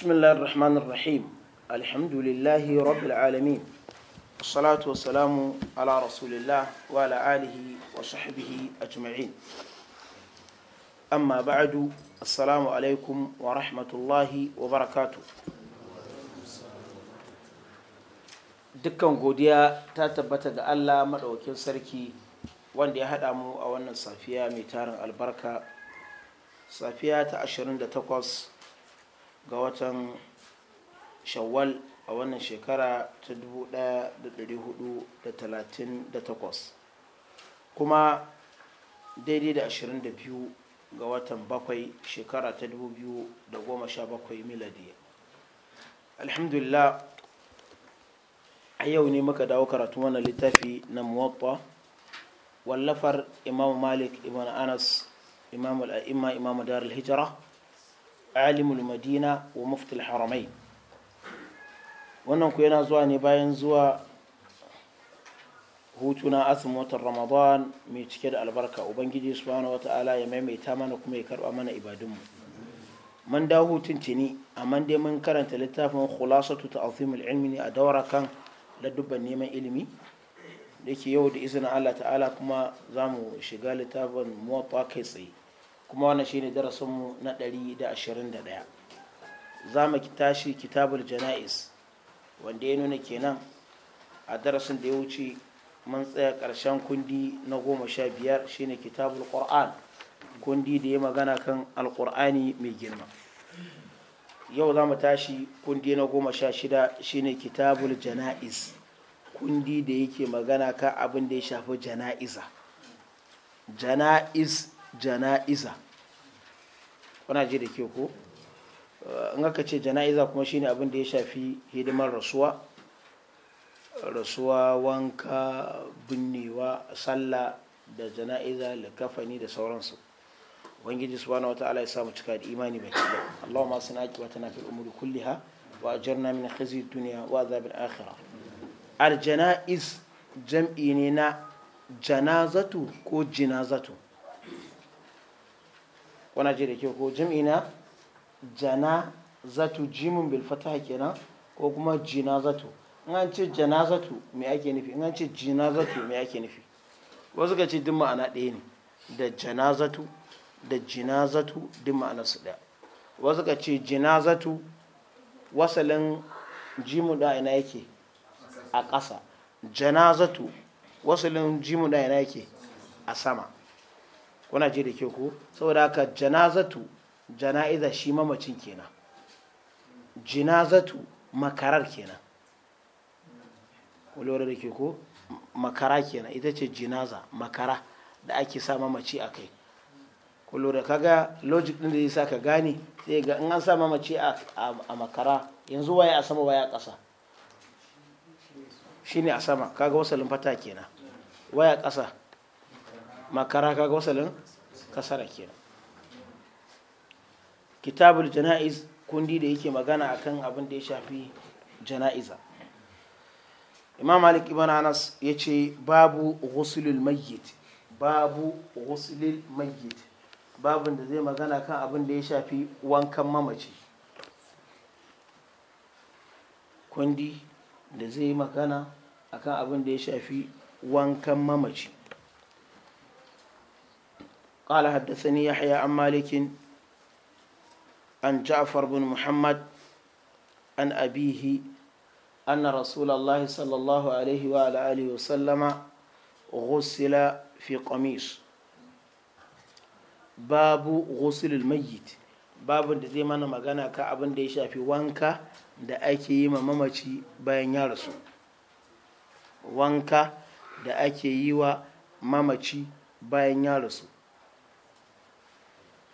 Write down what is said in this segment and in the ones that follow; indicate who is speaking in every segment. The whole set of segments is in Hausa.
Speaker 1: بسم الله الرحمن الرحيم الحمد لله رب العالمين الصلاة والسلام على رسول الله وعلى آله وصحبه أجمعين أما بعد السلام عليكم ورحمة الله وبركاته dukkan godiya ta tabbata ga Allah maɗaukin sarki wanda ya haɗa mu a wannan safiya mai tarin albarka safiya ta 28 ga watan shawwal a wannan shekara ta 1438 kuma daidai da 22 ga watan bakwai shekara ta 2017 miladi alhamdulillah a yau ne muka dawo karatu wannan littafi na muwatta wallafar imam malik ibn anas imam al'a'imma imam darul hijira alimul madina wa muftul haramai wannan ku yana zuwa ne bayan zuwa hutu na azumin watan ramadan mai cike da albarka ubangiji subhanahu wata'ala ya maimaita mana kuma ya karba mana ibadunmu man da hutun tuni amma dai mun karanta littafin khulasatu ta'zimul ilmi ne a daura kan dubban neman ilimi da ke yau da izinin Allah ta'ala kuma zamu shiga littafin muwatta kai tsaye kuma wannan shine darasinmu na 121 za mu tashi kitabul jana'is wanda ya nuna kenan a darasin da ya wuce mun tsaya ƙarshen kundi na goma sha biyar shine kitabul qur'an kundi da ya magana kan alƙur'ani mai girma yau za mu tashi kundi na goma sha shida shine kitabul jana'is kundi da yake magana kan abin da ya shafi jana'iza jana'iz jana'iza kuna ji da ke ko eh, in aka ce jana'iza kuma shine abin da ya shafi hidimar rasuwa rasuwa wanka binnewa sallah da jana'iza likafani da sauransu ubangiji subhanahu wata'ala ya samu cika da imani mai kyau Allahumma sanaki wa tana fil umuri kulliha wa ajirna min khizi dunya wa azabil akhirah al janaiz jam'i ne na janazatu ko jinazatu wana ce da ke ko jam'i na jana zatu jimin bilfata fataha kenan ko kuma jina zatu in an ce jana zatu me ake nufi in an ce jina zatu me ake nufi wasu ka ce duk ma'ana ɗaya ne da jana zatu da jina zatu duk ma'ana su ɗaya wasu ka ce jina zatu wasalin jimu da ina yake a ƙasa jana zatu wasalin jimu da ina yake a sama kuna ji da ke ko saboda haka janazatu jana'iza shi mamacin kenan jinazatu makarar kenan lura da ke ko makara kenan ita ce jinaza makara da ake sa mamaci a kai kullu ka kaga logic din da yasa ka gane sai ga in an sa mamaci a makara yanzu waye a sama waye a ƙasa shine a sama kaga wasalin fata kenan waye a ƙasa makara kaga wasalin eh? kasara kenan kitabul jana'iz kundi da yake magana akan abin da ya shafi jana'iza imam malik ibn anas ya ce babu ghusulul mayyit babu ghusulul mayyit babin da zai magana kan abin da ya shafi wankan mamaci kundi da zai magana akan abin da ya shafi wankan mamaci قال حدثني يحيى عن مالك عن جعفر بن محمد عن أبيه أن رسول الله صلى الله عليه وعلى آله وسلم غسل في قميص باب غسل الميت باب da zai mana magana ka abin da ya shafi wanka da ake yi ma mamaci bayan ya rasu wanka da ake yi wa mamaci bayan ya rasu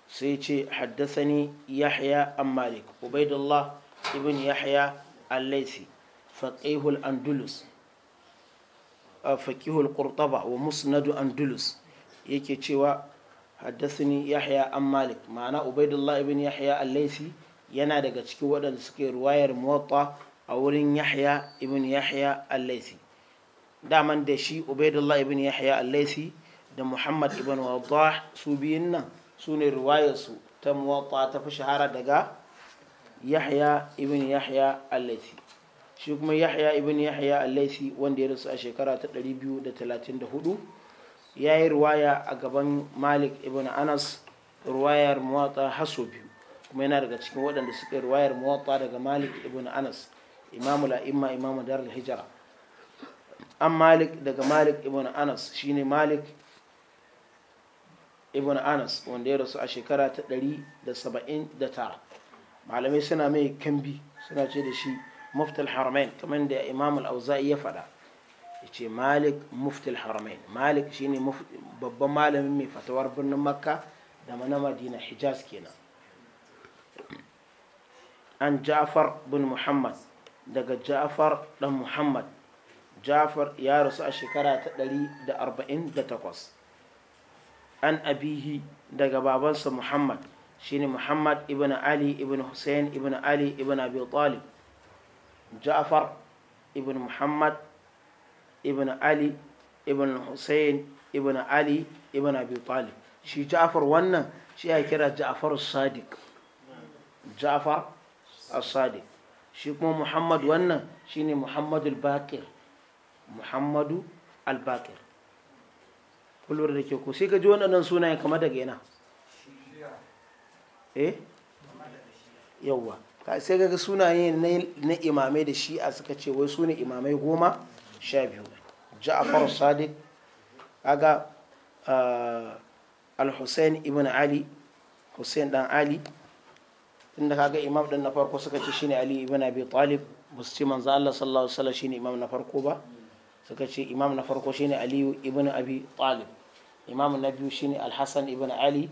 Speaker 1: sai ce haddasani yahya an malik ubaidullah ibn yahya al-laisi faqihul andulus a faqihul qurtaba wa musnadu andulus yake cewa haddasani yahya an malik ma'ana ubaidullah ibn yahya al-laisi yana daga cikin waɗanda suke ruwayar muwatta a wurin yahya ibn yahya al-laisi daman da shi ubaidullah ibn yahya al-laisi da muhammad ibn wadah su biyun nan su ne riwayarsu ta muwatta ta fi shahara daga yahya ibn yahya allaisi shi kuma yahya ibn yahya allaisi wanda ya rasu a shekara ta 234 ya yi riwaya a gaban malik ibn anas riwayar muwatta haso biyu kuma yana daga cikin waɗanda suka riwayar muwatta daga malik ibn anas imamu la'imma imamu dar hijira an malik daga malik ibn anas shine malik ibn anas wanda ya rasu a shekara ta 179 malamai suna mai kambi suna ce da shi muftal haramain kamar da imam al-auza'i ya faɗa ya ce malik muftal haramain malik shine babban malamin mai fatawar birnin makka da mana madina hijaz kenan an ja'far bin muhammad daga ja'far dan muhammad ja'far ya rasu a shekara ta 148 an abihi daga babansa muhammad shine muhammad ibn ali ibn hussein ibn ali ibn abi talib ja'far ibn muhammad ibn ali ibn hussein ibn ali ibn abi talib shi ja'far wannan shi ya kira ja'far sadiq ja'far sadiq shi kuma muhammad wannan shine muhammadu al-baqir muhammadu al-baqir kullum da ke ko sai ga ji waɗannan sunayen kamar daga yana eh yawwa sai ga sunaye na imamai da shi'a suka ce wai su ne imamai goma sha biyu ja'afar sadiq aga ah, al-hussein ibn ali hussein dan ali inda kaga imam din na farko suka ce shine ali ibn abi talib musu ce manzo Allah sallallahu alaihi wasallam shine imam na farko ba suka ce imam na farko shine ali ibn abi talib imam na biyu shine al-hasan ibn ali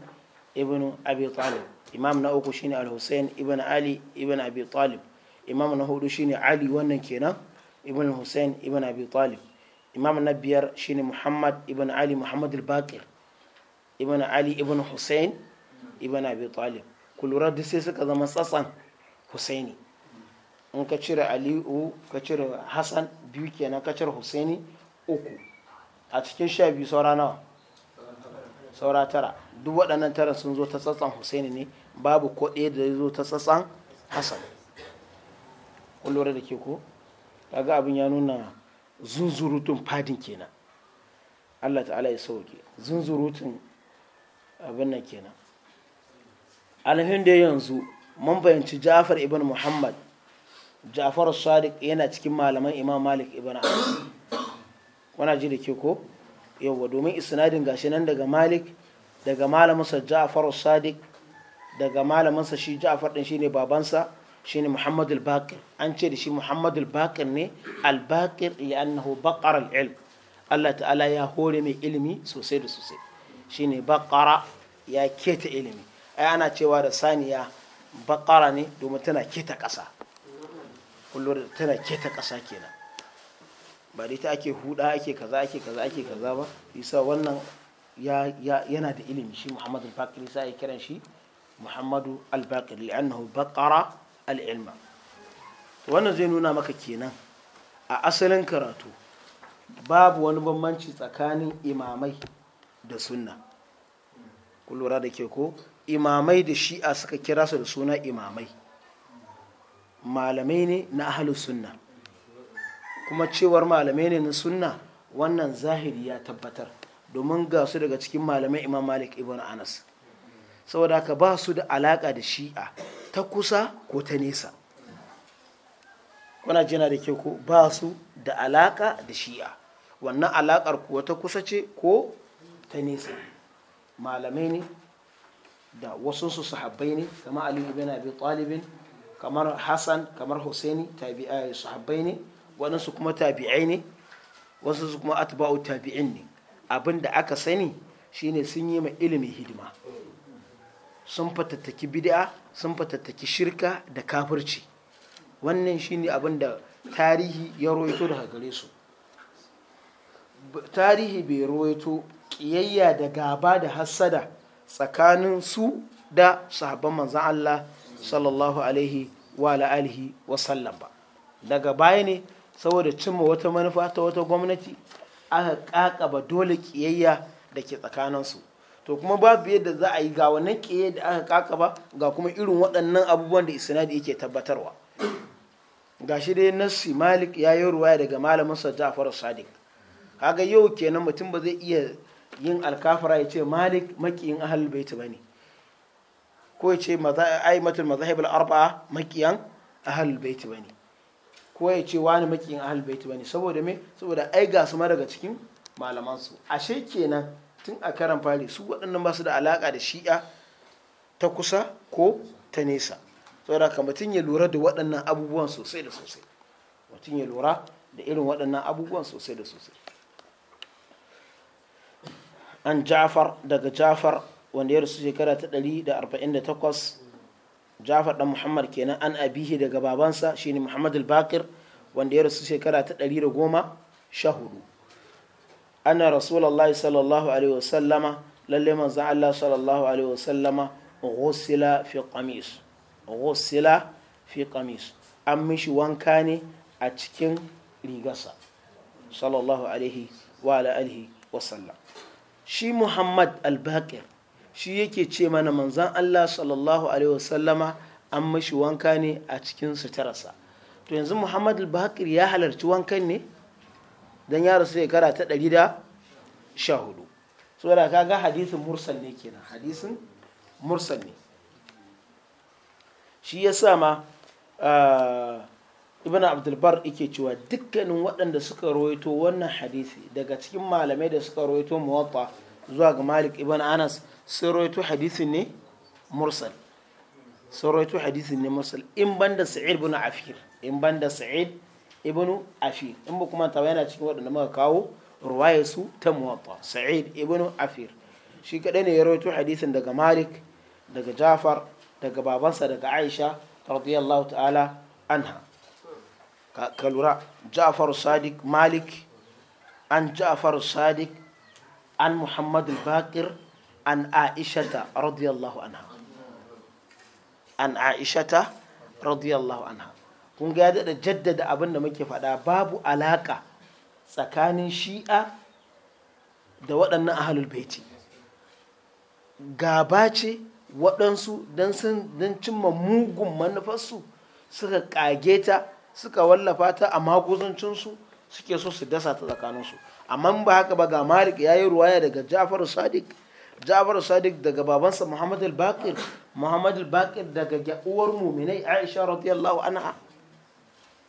Speaker 1: ibn abi talib imam na uku shine al-husayn ibn ali ibn abi talib imam na hudu shine ali wannan kenan ibn husayn abi talib imam na biyar shine muhammad ibn ali muhammad al-baqir ali ibn husayn ibn abi kulura da suka zama in ka cire aliyu ka cire hassan biyu kenan ka cire husaini uku a cikin sha biyu saura saura tara duk waɗannan tara sun zo ta tsatsan husaini ne babu ko ɗaya da zai zo ta tsatsan hassan lura da ke ko kaga abin ya nuna zunzurutun fadin kenan allah ta'ala ya sauke zunzurutun abin nan kenan alhin da yanzu mun fahimci ja'far ibn muhammad ja'far sadiq yana cikin malaman imam malik ibn anas wana ji da ke ko yawwa domin isnadin gashi nan daga malik daga malaminsa ja'far sadiq daga malaminsa shi ja'far din shine babansa shine muhammad al-baqir an ce da shi muhammad al-baqir ne al-baqir annahu baqara al-ilm Allah ta'ala ya hore mai ilimi sosai da sosai shine baqara ya keta ilimi ai ana cewa da saniya baqara ne domin tana keta ƙasa kullum tana keta ƙasa kenan ba da ita ake huda ake kaza ake kaza ake kaza ba isa wannan yana da ilimi shi muhammadu al-bakiri sai kiran shi muhammadu al-bakiri annahu baqara al-ilma wannan zai nuna maka kenan a asalin karatu babu wani bambanci tsakanin imamai da sunna ku da ke ko imamai da shi'a suka kira su da suna imamai malamai ne na ahalus sunna kuma cewar malamai ne na sunna wannan zahiri ya tabbatar domin ga su daga cikin malamai imam malik ibn anas saboda haka ba su da alaka da shi'a ta kusa ko ta nesa kuna jina da ke ko ba su da alaka da shi'a wannan alakar kuwa ta kusa ce ko ta nesa malamai ne da wasu su sahabbai ne kamar ali ibn abi talibin kamar hassan kamar husaini tabi'a sahabbai ne waɗansu kuma tabi'ai ne wasu su kuma atba'u tabi'in ne abin da aka sani shine sun yi ma ilimin hidima sun fatattaki bid'a sun fatattaki shirka da kafirci wannan shine abin da tarihi ya roito daga gare su tarihi bai roito kiyayya da gaba da hassada tsakanin su da sahabban manzan Allah sallallahu alaihi wa alihi wa sallam ba daga baya ne saboda cimma wata manufa ta wata gwamnati aka kakaba dole kiyayya da ke tsakaninsu to kuma babu yadda za a yi ga wannan kiyayya da aka kakaba ga kuma irin waɗannan abubuwan da isnadi yake tabbatarwa Ga shi dai nassi malik ya yi ruwaya daga malamin sa ja'far sadiq kaga yau kenan mutum ba zai iya yin alkafara ya ce malik makiyin ahal baiti bane ko ya ce ai matul mazahib arbaa makiyan ahal baiti bane ko ya ce wani makiyin ahal ba bane saboda me saboda ai ga su ma daga cikin malaman su ashe kenan tun a karan fari su waɗannan ba su da alaka da shi'a ta kusa ko ta nesa saboda ka mutum ya lura da waɗannan abubuwan sosai da sosai mutum ya lura da irin waɗannan abubuwan sosai da sosai an jafar daga jafar wanda ya rasu shekara ta 148 jafar dan muhammad kenan an abihi daga babansa shine muhammad al-bakir wanda ya rasu shekara ta ɗari da goma sha hudu. ana rasulullah sallallahu alaihi wasallama lalle manzo Allah sallallahu alaihi wasallama ghusila fi qamis ghusila fi qamis an mishi wanka ne a cikin rigarsa sallallahu alaihi wa alihi wasallam shi muhammad al-bakir shi yake ce mana manzan Allah sallallahu alaihi wasallama an mashi wanka ne a cikin suturarsa to yanzu Muhammad al-Bakir ya halarci wankan ne dan ya rasu shekara ta ɗari da saboda ga hadisin mursal ne kenan hadisin mursal ne shi ya sa ma ah, ibn abdulbar yake cewa dukkanin waɗanda suka rawaito wannan hadisi daga cikin malamai da suka rawaito muwatta zuwa ga malik ibn anas sun rawaito hadisin ne mursal sun rawaito hadisin ne mursal in banda sa'id ibn afir in banda sa'id ibn afir in ba kuma tawa yana cikin waɗanda muka kawo ruwaya su ta muwatta sa'id ibn afir shi kaɗai ne ya rawaito hadisin daga malik daga jafar daga babansa daga aisha radiyallahu ta'ala anha ka lura ja'far sadiq malik an ja'far sadiq an muhammad al-baqir an aishata radiyallahu anha an aishata radiyallahu anha kun ga da jaddada abin da muke faɗa babu alaka tsakanin shi'a da waɗannan ahalul baiti gaba ce waɗansu don cimma mugun manufarsu suka kage ta suka wallafa ta a su suke so su dasa ta tsakaninsu amma ba haka ba ga malik ya yi ruwaya daga jafar sadiq Ja'far Sadiq daga babansa Muhammad al-Baqir Muhammad al-Baqir daga uwar muminai Aisha radiyallahu anha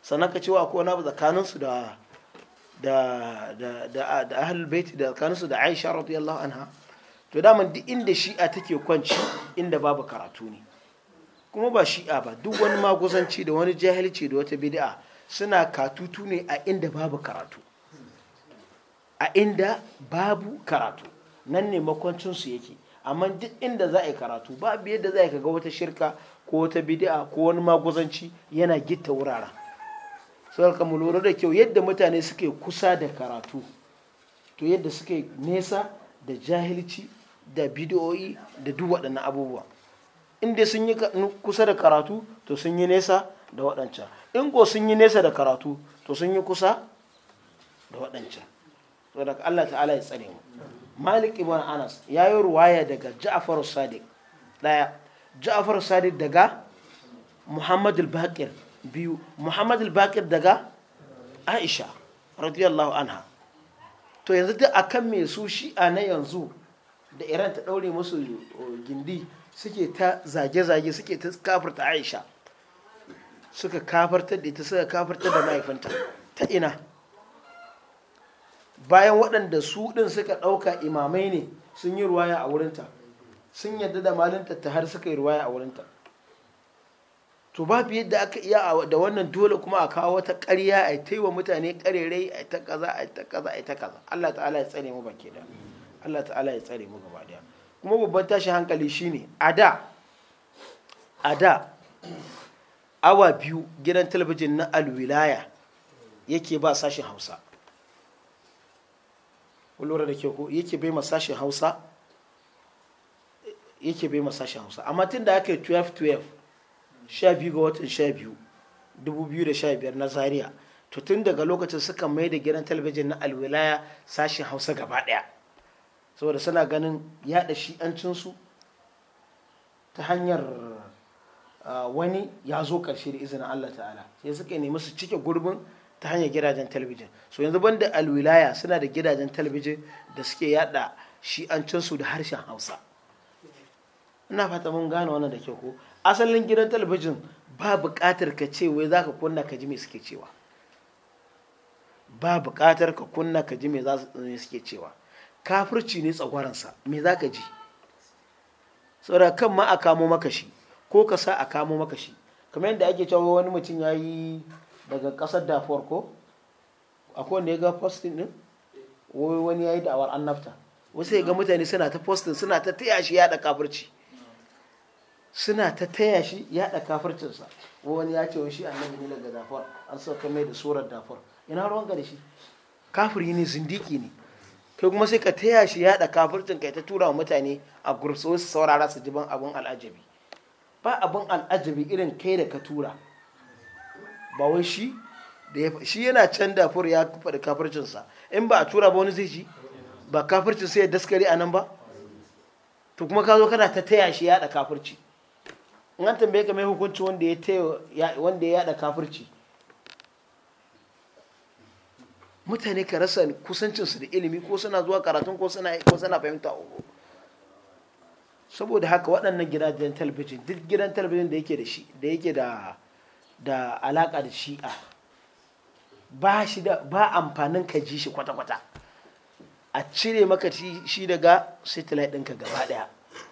Speaker 1: sannan ka cewa akwai wani tsakanin su da da da da da ahlul bait da tsakanin da Aisha radiyallahu anha to da duk inda shi'a take kwanci inda babu karatu ne kuma ba shi'a ba duk wani magusanci da wani jahilci da wata bid'a suna katutu ne a inda babu karatu a inda babu karatu nan ne makwancinsu yake amma duk inda za a yi karatu babu yadda za a kaga wata shirka ko wata bidi'a ko wani maguzanci yana gita wuraren sai ka mu lura da kyau yadda mutane suke kusa da karatu to yadda suke nesa da jahilci da bidiyoyi da duk waɗannan abubuwa inda sun yi kusa da karatu to sun yi nesa da waɗancan in ko sun yi nesa da karatu to sun yi kusa da waɗancan saboda Allah ta'ala ya tsare mu malik ibn anas ya yi ruwaya daga ja'far sadiq daya ja'far sadiq daga muhammad al-baqir biyu muhammad al daga aisha radiyallahu anha to yanzu duk akan me su shi'a na yanzu da iran ta daure musu uh, gindi suke ta zage-zage suke ta kafarta aisha suka kafarta da ita suka kafarta da mahaifinta ta ina bayan waɗanda su ɗin suka ɗauka imamai ne sun yi ruwaya a wurinta sun yadda da malinta ta har suka yi ruwaya a wurinta to fi yadda aka iya da wannan dole kuma a kawo wata ƙarya a ta yi wa mutane ƙarerai a ta kaza a ta kaza a ta kaza Allah ta'ala ya tsare mu baki da Allah ta'ala ya tsare mu gaba daya kuma babban tashin hankali shine a da a da awa biyu gidan talabijin na alwilaya yake ba sashin hausa lura da ke ko yake bai masashin hausa yake bai masashin hausa amma tun da aka yi 12-12 sha biyu ga watan sha biyu 2015 na zaria to tun daga lokacin suka mai da gidan talabijin na alwilaya sashin hausa gaba daya saboda suna ganin yada shi'ancinsu ta hanyar ah, wani ya zo karshe da izinin allah ta'ala sai suka nemi su cike gurbin ta hanyar gidajen talabijin so yanzu banda alwilaya suna da gidajen talabijin da suke yada shi'ancinsu da harshen hausa ina fata mun gane wannan da kyau ko asalin gidan talabijin ba buƙatar ka ce wai za ka kunna ka ji me suke cewa ba buƙatar ka kunna ka ji me suke cewa kafirci ne tsagwaransa me za ka ji saboda kan ma a kamo maka shi ko ka sa a kamo maka shi kamar yadda ake cewa wani mutum ya yi daga kasar da farko akwai wanda ya ga postin din wani wani ya yi da'awar annabta wasu ya ga mutane suna ta postin suna ta taya shi yada kafirci suna ta taya shi yada kafircinsa wani ya ce shi annabi ne daga dafar an sauka mai da surar dafar ina ruwan gari shi kafiri ne zindiki ne kai kuma sai ka taya shi yada kafircin kai ta tura wa mutane a gursu su saurara su jiban abin al'ajabi ba abin al'ajabi irin kai da ka tura ba wai shi shi yana can da fur ya faɗi kafircinsa in ba a tura ba wani zai ji ba kafircin sai ya daskare a nan ba to kuma ka zo kana ta taya shi yaɗa kafirci in an tambaye ka mai hukunci wanda ya taya wanda yaɗa kafirci mutane ka rasa kusancinsu da ilimi ko suna zuwa karatun ko suna ko suna fahimta uku saboda haka waɗannan gidajen talabijin duk gidan talabijin da yake da shi da yake da da alaƙa da shi'a ba shi da ba amfanin ka ji shi kwata-kwata a cire maka shi daga satellite ɗinka gaba ɗaya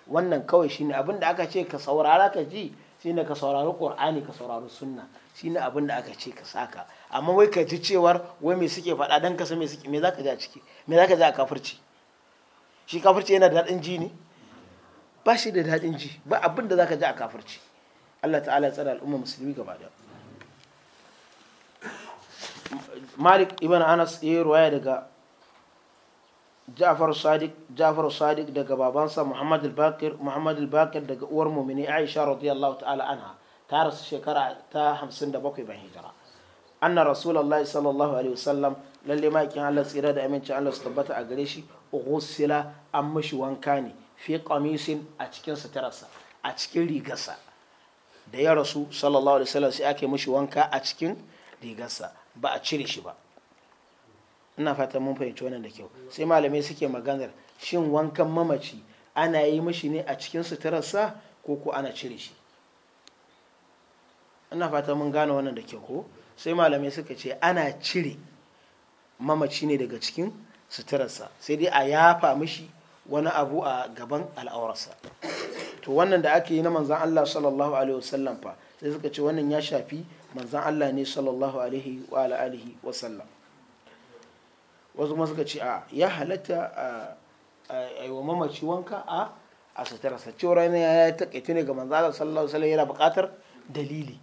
Speaker 1: wannan kawai ne abin da aka ce ka saurara ka ji shi ne ka saurari ƙor'ani ka saurari sunna ne abin da aka ce ka saka amma wai ka ji cewar wai me suke faɗa don ka san me suke me zaka ji a ciki me ka ji a kafirci shi kafirci yana da daɗin ji ne ba shi da daɗin ji ba abin da ka ji a kafirci Allah ta'ala ya tsare al'umma musulmi gaba da Malik ibn Anas ya ruwaya daga Ja'far Sadiq Ja'far Sadiq daga babansa Muhammad al-Bakir Muhammad al-Bakir daga uwar mu'mini Aisha radiyallahu ta'ala anha ta rasu shekara ta 57 bayan hijira anna rasulullahi sallallahu alaihi wasallam lalle kin Allah tsira da aminci Allah su tabbata a gare shi ghusila an mashi wanka ne fi qamisin a cikin sa a cikin rigarsa da ya rasu sallallahu alaihi wasallam sai ake mishi wanka a cikin rigarsa ba a cire shi ba ina fatan mun fahimci wannan da kyau sai malamai suke maganar shin wankan mamaci ana yi mishi ne a cikin suturarsa ko ko ana cire shi ina fatan mun gane wannan da kyau ko sai malamai suka ce ana cire mamaci ne daga cikin suturarsa sai dai a yafa mishi wani abu a gaban al'aurarsa to wannan da aka yi na manzan Allah sallallahu alaihi wasallam fa sai suka ce wannan ya shafi manzan Allah ne sallallahu alaihi wa alihi wasallam wasu kuma suka ce a ya halatta a yi wa mamaci wanka a a sutura sace rana ya yi takaitu ne ga manzan Allah sallallahu alaihi wasallam yana buƙatar dalili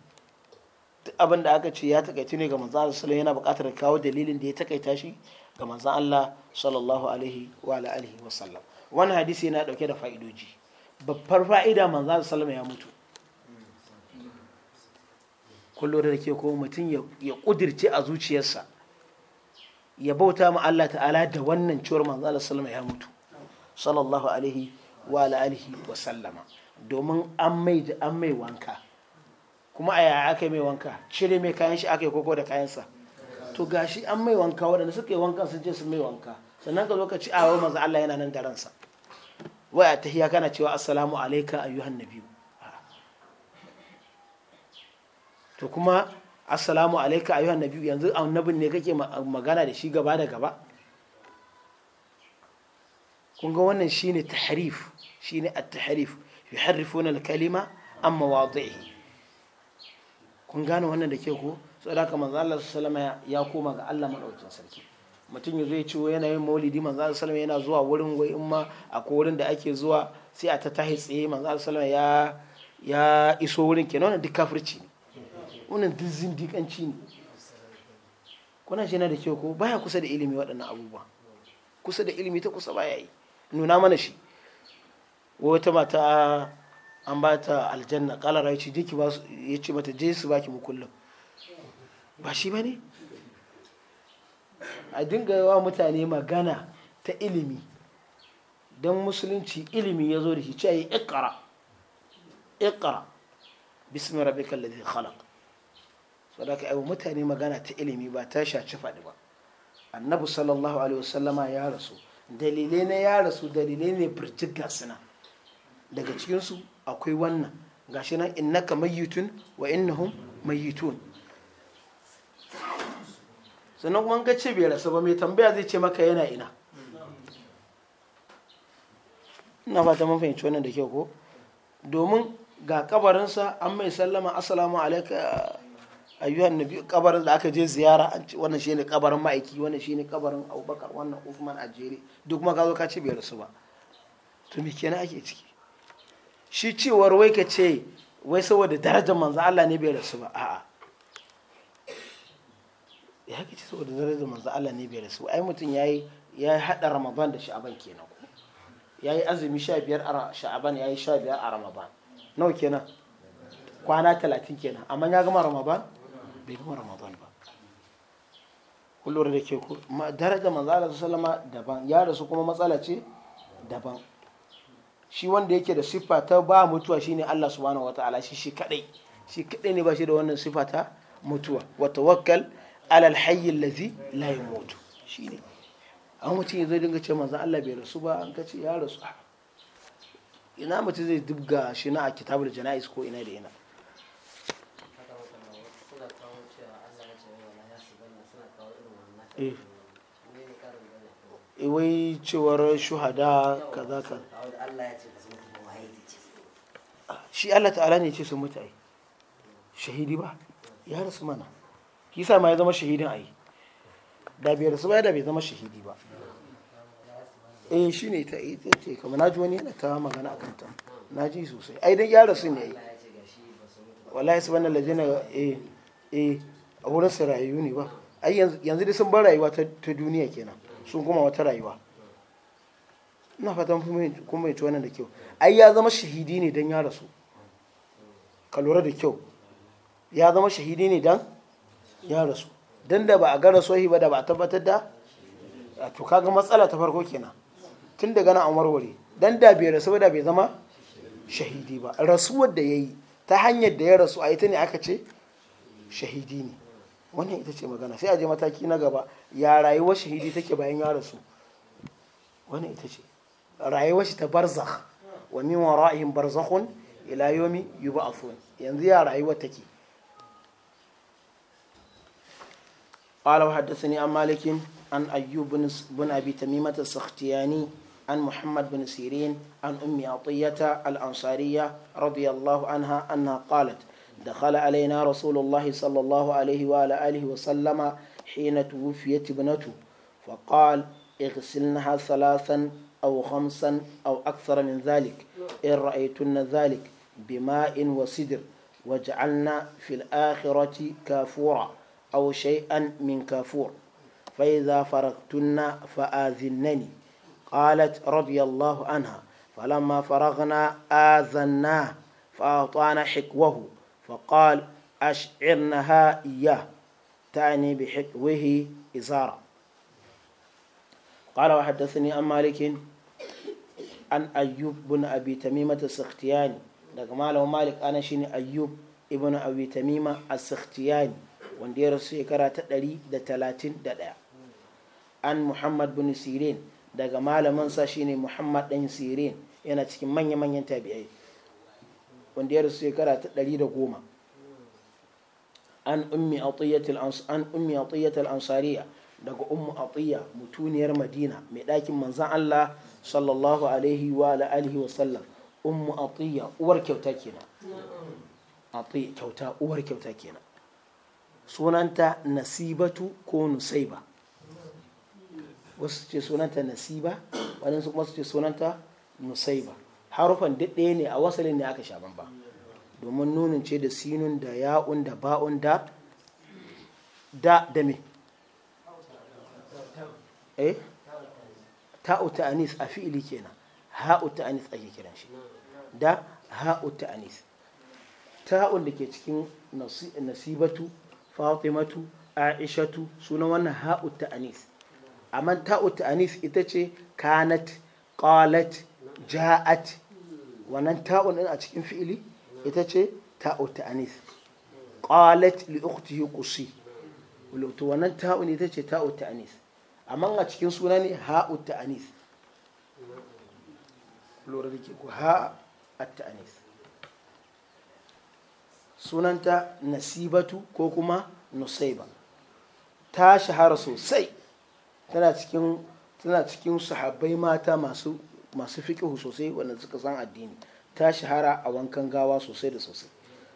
Speaker 1: duk abin da aka ce ya takaitu ne ga manzan Allah sallallahu alaihi wasallam yana buƙatar kawo dalilin da ya takaita shi ga manzan Allah sallallahu alaihi wa alihi wasallam wannan hadisi yana dauke da fa'idoji babbar fa'ida manzo salama ya mutu kullum da ke kuma mutum ya kudirce a zuciyarsa ya bauta ma Allah ta'ala da wannan ciwar za Allah sallama ya mutu sallallahu alaihi wa alihi wa sallama domin an mai da an mai wanka kuma a yaya aka mai wanka cire mai kayan shi aka yi koko da kayansa to gashi an mai wanka waɗanda suka yi wanka sun je su mai wanka sannan ka zo ka ci a wai manzo Allah yana nan da ransa waya tahiya kana cewa assalamu alayka ayyuhan nabiyyu to kuma assalamu alayka ayyuhan nabiyyu yanzu annabin ne kake magana da shi gaba da gaba kun ga wannan shine tahrif shine at-tahrif yuharrifuna al-kalima an mawadi'i kun gane wannan da ke ko saboda haka manzo Allah sallallahu alaihi wasallam ya koma ga Allah madaukakin sarki mutum ya zo ya ce yana yin maulidi manzo sallallahu yana zuwa wurin wai in ma akwai wurin da ake zuwa sai a ta tahi tsaye manzo sallallahu ya iso wurin kenan wannan duk kafirci ne wannan duk zindikanci ne kuna shi yana da kyau ko baya kusa da ilimi waɗannan abubuwa kusa da ilimi ta kusa baya yi nuna mana shi wata mata an ba ta aljanna kalara ya ce mata je su baki mukullin ba shi ba ne a dinga yawa mutane magana ta ilimi don musulunci ilimi ya zo da shi cewa yi ikara ikara bismi rabbi alladhi khalaq so da ka mutane magana ta ilimi ba ta shaci faɗi ba annabi sallallahu alaihi wasallama ya rasu dalilai na ya rasu dalilai ne birjik suna daga cikinsu akwai wannan gashi nan innaka mayyitun wa innahum mayyitun sannan kuma ka ce bai rasu ba mai tambaya zai ce maka yana ina ina fata mun fahimci wannan da kyau ko domin ga kabarinsa an mai sallama asalamu alaika ayyuhan nabi kabarin da aka je ziyara an shi wannan kabarin ma'aiki wannan shi ne kabarin abubakar wannan usman a jere duk kuma ka zo ka ce bai rasu ba to me kenan ake ciki shi cewar wai ka ce wai saboda darajar manzo Allah ne bai rasu ba a'a ya haka ce saboda darajar manzo Allah ne bai rasu ai mutum yayi ya hada Ramadan da Sha'aban kenan ko yayi azumi 15 a Sha'aban yayi 15 a Ramadan nawa kenan kwana 30 kenan amma ya gama Ramadan bai gama Ramadan ba kullum da ke ku darajar manzo Allah sallama daban ya rasu kuma matsala ce daban shi wanda yake da siffa ta ba mutuwa shine Allah subhanahu wataala shi shi kadai shi kadai ne ba shi da wannan siffa ta mutuwa wa tawakkal alal hayyin lazi mutu shi ne an mutum ya zai dinga ce manzon Allah bai rasu ba an kace ya rasu ina mutum zai dubga shi na a kitabul jana'is ko ina da ina eh. Eh, wai cewar shuhada kaza ka shi Allah ta'ala ne ce su mutai shahidi ba ya rasu mana kisa ma ya zama shahidin a yi da bai rasu ba da bai zama shahidi ba eh shi ne ta yi ce kamar na ji wani yana ta magana a kanta na ji sosai ai dan yara su ne wallahi su wannan na eh eh a wurin su rayu ne ba ai yanzu dai sun bar rayuwa ta duniya kenan sun kuma wata rayuwa ina fatan kuma ci wannan da kyau ai ya zama shahidi ne dan yara su ka lura da kyau ya zama shahidi ne dan ya rasu don da ba a gana sohi ba da ba a tabbatar da a tuka ga matsala ta farko kenan tun da gana an warware don da bai rasu ba da bai zama shahidi ba rasuwar da ya yi ta hanyar da ya rasu a ita ne aka ce shahidi ne wannan ita ce magana sai a je mataki na gaba ya rayuwar shahidi take bayan ya rasu wannan ita ce rayuwar shi ta barzakh wa min wara'ihim barzakhun ila yawmi yub'athun yanzu ya rayuwar take قال وحدثني عن مالك عن أيوب بن أبي تميمة السختياني عن محمد بن سيرين عن أم عطية الأنصارية رضي الله عنها أنها قالت دخل علينا رسول الله صلى الله عليه وعلى آله وسلم حين توفيت ابنته فقال اغسلنها ثلاثا أو خمسا أو أكثر من ذلك إن رأيتن ذلك بماء وسدر وجعلنا في الآخرة كافورا أو شيئا من كافور فإذا فرغتن فآذنني قالت رضي الله عنها فلما فرغنا آذناه فأعطانا حكوه فقال أشعرنها إياه تعني بحكوه إزارة قال وحدثني عن مالك عن أيوب بن أبي تميمة السختياني لكن ماله مالك أنا شيني أيوب ابن أبي تميمة السختياني wanda ya rasu shekara ta da talatin ɗaya an muhammad bin sirin daga malamin sa shine muhammad ɗan sirin yana cikin manya-manyan tabi'ai wanda ya rasu shekara ta ɗari an ummi an ummi atiyatul ansariya daga ummu atiya mutuniyar madina mai ɗakin manzan allah sallallahu alaihi wa alihi wa sallam ummu atiya uwar kyauta kenan sunanta nasibatu ko nusaiba wasu ce sunanta nasiba waɗansu kuma su ce sunanta nusaiba harufan duk ɗaya ne a wasalin ne aka shaban ba domin nunin ce da sinun da ya'un da ba'un da da da me eh ta'u ta'anis a fi'ili kenan ha'u ta'anis ake kiran shi da ha'u ta'anis ta'un da ke cikin nasibatu fatimatu aishatu suna wannan ha'ut ta'anis amma ta'ut ta'anis ita ce kanat ƙalat, ja'at wannan ta'un din a cikin fi'ili ita ce ta'ut ta'anis Ƙalat li ukhtihi qusi to wannan ta'un ita ce ta'ut ta'anis amma a cikin suna ne ha'ut ta'anis lura da ke ko ha'at ta'anis sunanta nasibatu ko kuma nusaiba ta shahara sosai tana cikin tana cikin sahabbai mata masu masu fiƙihu sosai wanda suka san addini ta shahara a wankan gawa sosai da sosai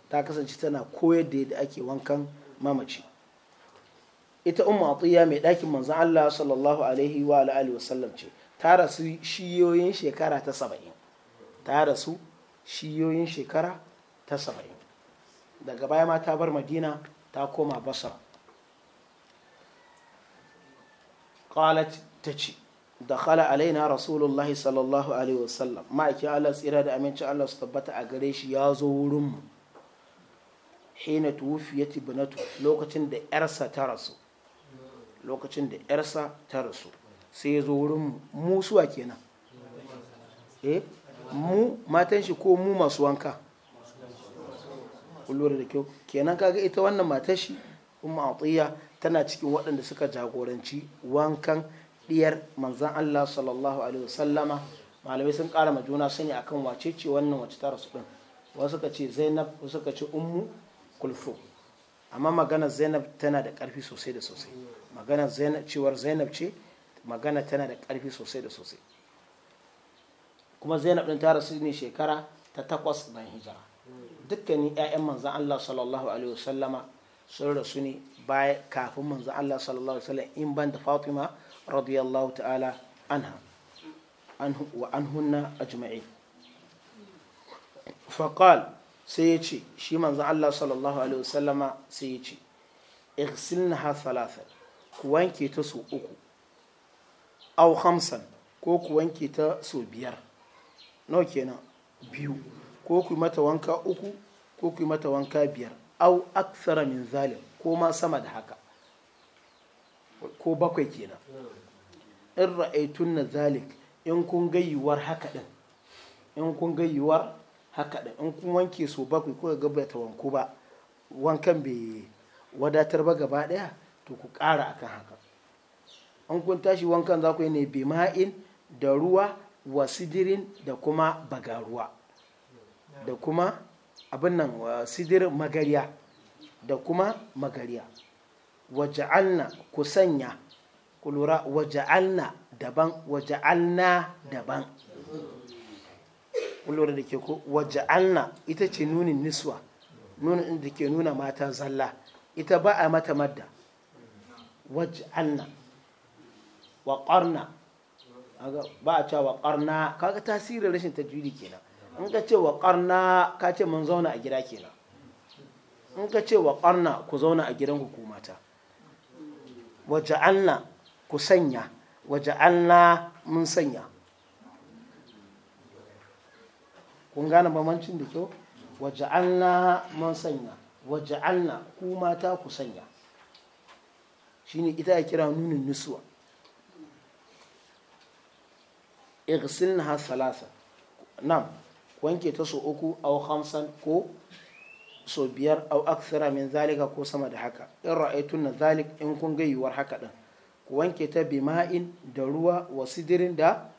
Speaker 1: ta kasance tana koyar da yadda ake wankan mamaci ita umma atiya mai ɗakin manzon Allah sallallahu alaihi wa alihi wa ce ta rasu shiyoyin shekara ta 70 ta rasu shiyoyin shekara ta saba'in daga baya ma ta bar madina ta koma basra qalat ta ce dakhala alaina rasulullahi sallallahu alaihi wasallam ma'aikin Allah tsira da amincin Allah su tabbata a gare shi ya zo wurinmu hina tuwufiyat ibnatu lokacin da yarsa ta rasu lokacin da yarsa ta rasu sai ya zo wurinmu mu kenan eh mu matan shi ko mu masu wanka kun lura da kyau kenan kaga ita wannan matar shi umma atiya tana cikin waɗanda suka jagoranci wankan diyar manzan Allah sallallahu alaihi wasallama malamai sun ƙara ma juna sani akan wace ce wannan wace ta rasu din wasu ka ce Zainab wasu ka ce ummu kulfu amma magana Zainab tana da ƙarfi sosai da sosai maganar Zainab cewar Zainab ce magana tana da ƙarfi sosai da sosai kuma Zainab din ta rasu ne shekara ta takwas bayan hijira dukkanin 'ya'yan manzan Allah sallallahu alaihi wasallama sun rasu ne baya kafin manzan Allah sallallahu alaihi wasallam in ban da Fatima radiyallahu ta'ala anha wa anhunna ajma'i faqal sai ya ce shi manzan Allah sallallahu alaihi wasallama sai ya ce igsilnaha salasa, ku wanke ta su uku aw khamsan ko ku wanke ta su biyar nawa kenan biyu ko ku mata wanka uku ko ku mata wanka biyar au aksara min zalim ko ma sama da haka ko bakwai kenan in ra'aitun na zalik in kun gayyuwar haka din in kun gayyuwar haka din in kun wanke so bakwai ko ga ta wanku ba wankan bai wadatar ba gaba daya to ku ƙara akan haka an kun tashi wankan za ku yi ne bima'in da ruwa wasidirin da kuma bagaruwa da kuma abin nan sidir magariya da kuma magariya waja'alna ku sanya ku lura waja'alna daban waja'alna daban lura da ke ko waja'alna ita ce nunin niswa nunin da ke nuna mata zalla ita ba a mata madda waj'alna wa ƙarna ba a cewa ƙarna kaga tasirin rashin tajwidi kenan in ka ce wa ƙarna ka ce mun zauna a gida kenan in ka ce wa ƙarna ku zauna a gidan hukumata wa ja'alna ku sanya wa ja'alna mun sanya kun gane bambancin da kyau wa ja'alna mun sanya wa ja'alna ku mata ku sanya shine ita ya kira nunin nusuwa igsilnaha salasa na'am wanke ta so uku au hamsan ko so biyar au aksara min zalika ko sama da haka in ra'aitun na zalik in kun ga haka din ku wanke ta main da ruwa wa sidirin da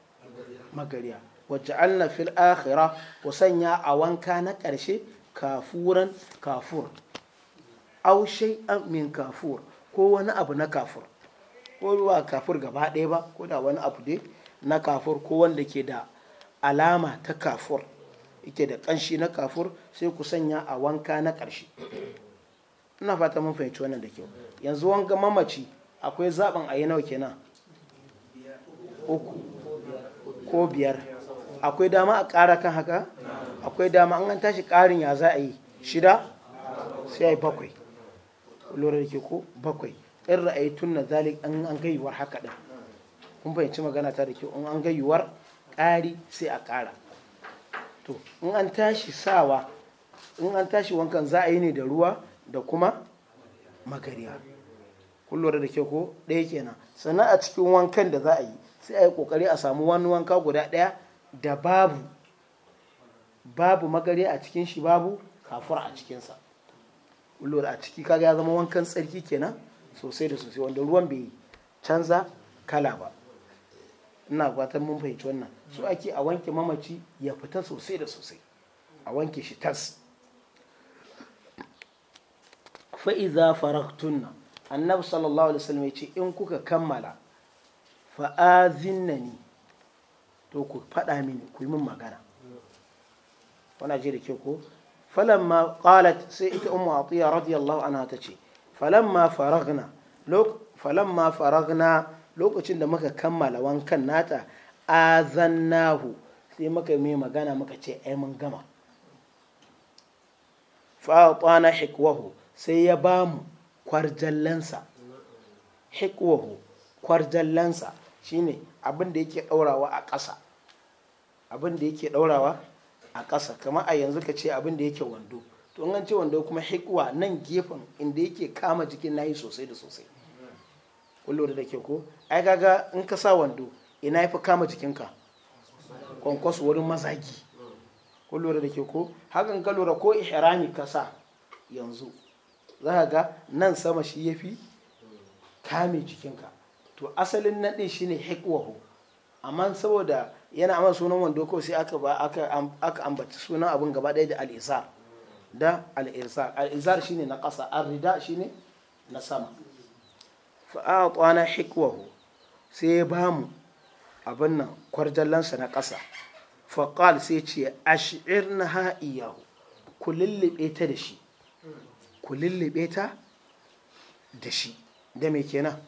Speaker 1: magariya waj'alna fil akhirah ku sanya a wanka na ƙarshe kafuran kafur aw an min kafur ko wani abu na kafur ko ruwa kafur gaba ɗaya ba ko da wani abu dai na kafur ko wanda ke da alama ta kafur yake da kanshi na kafur sai ku sanya a wanka na ƙarshe ina fata mun fahimci wannan da kyau yanzu wanga mamaci akwai zaben a yi nawa kenan uku ko biyar akwai dama a ƙara kan haka akwai dama an an tashi ƙarin ya za a yi shida sai a yi bakwai lura da ke ko bakwai in ra'ayi tun na zalik an an gayuwar haka ɗin kun fahimci magana ta da kyau in an gayuwar ƙari sai a ƙara to in an tashi sawa in an tashi wankan za a yi ne da ruwa da kuma magariya kullum da ke ko ɗaya kenan sannan a cikin wankan da za a yi sai a yi ƙoƙari a samu wani wanka guda ɗaya da babu babu magari a cikin shi babu kafura a cikinsa kullum a ciki kaga ya zama wankan tsarki kenan sosai da sosai wanda ruwan bai canza kala ba ina gwatan mun fahimci wannan su ake a wanke mamaci ya fita sosai da sosai a wanke shi tas fa'iza faraktunna annabi sallallahu alaihi wasallam ya ce in kuka kammala ni to ku faɗa mini ku yi min magana wana je da ke ko falamma qalat sai ita ummu atiya radiyallahu anha tace falamma faragna lok falamma faragna lokacin da muka kammala wankan nata azannahu sai muka yi magana muka ce ai mun gama fa'atana hikwahu sai ya ba mu kwarjallansa hikwahu kwarjallansa shine abinda yake daurawa a ƙasa abinda yake daurawa a ƙasa kama a yanzu ka ce abinda yake wando to an ce wando kuma hikwa nan gefen inda yake kama jikin nayi sosai da sosai kullum da ke ko ai kaga in ka sa wando ina ya fi kama jikinka kwankwasu wurin mazagi ko lura da ke ko hakan ka lura ko ihrami ka sa yanzu za ka ga nan sama shi ya fi kame jikinka to asalin naɗi shine shine hikwahu amma saboda yana amma sunan wando ko sai aka ba aka ambaci sunan abin gaba ɗaya da al'isar da al'isar al'isar shine na ƙasa arrida shine na sama fa'a tsana hikwahu sai ya ba mu abin nan kwarjallansa na ƙasa faƙal sai ce ashir na ha'iyahu ku lullube ta da shi ku lullube ta da shi da mai kenan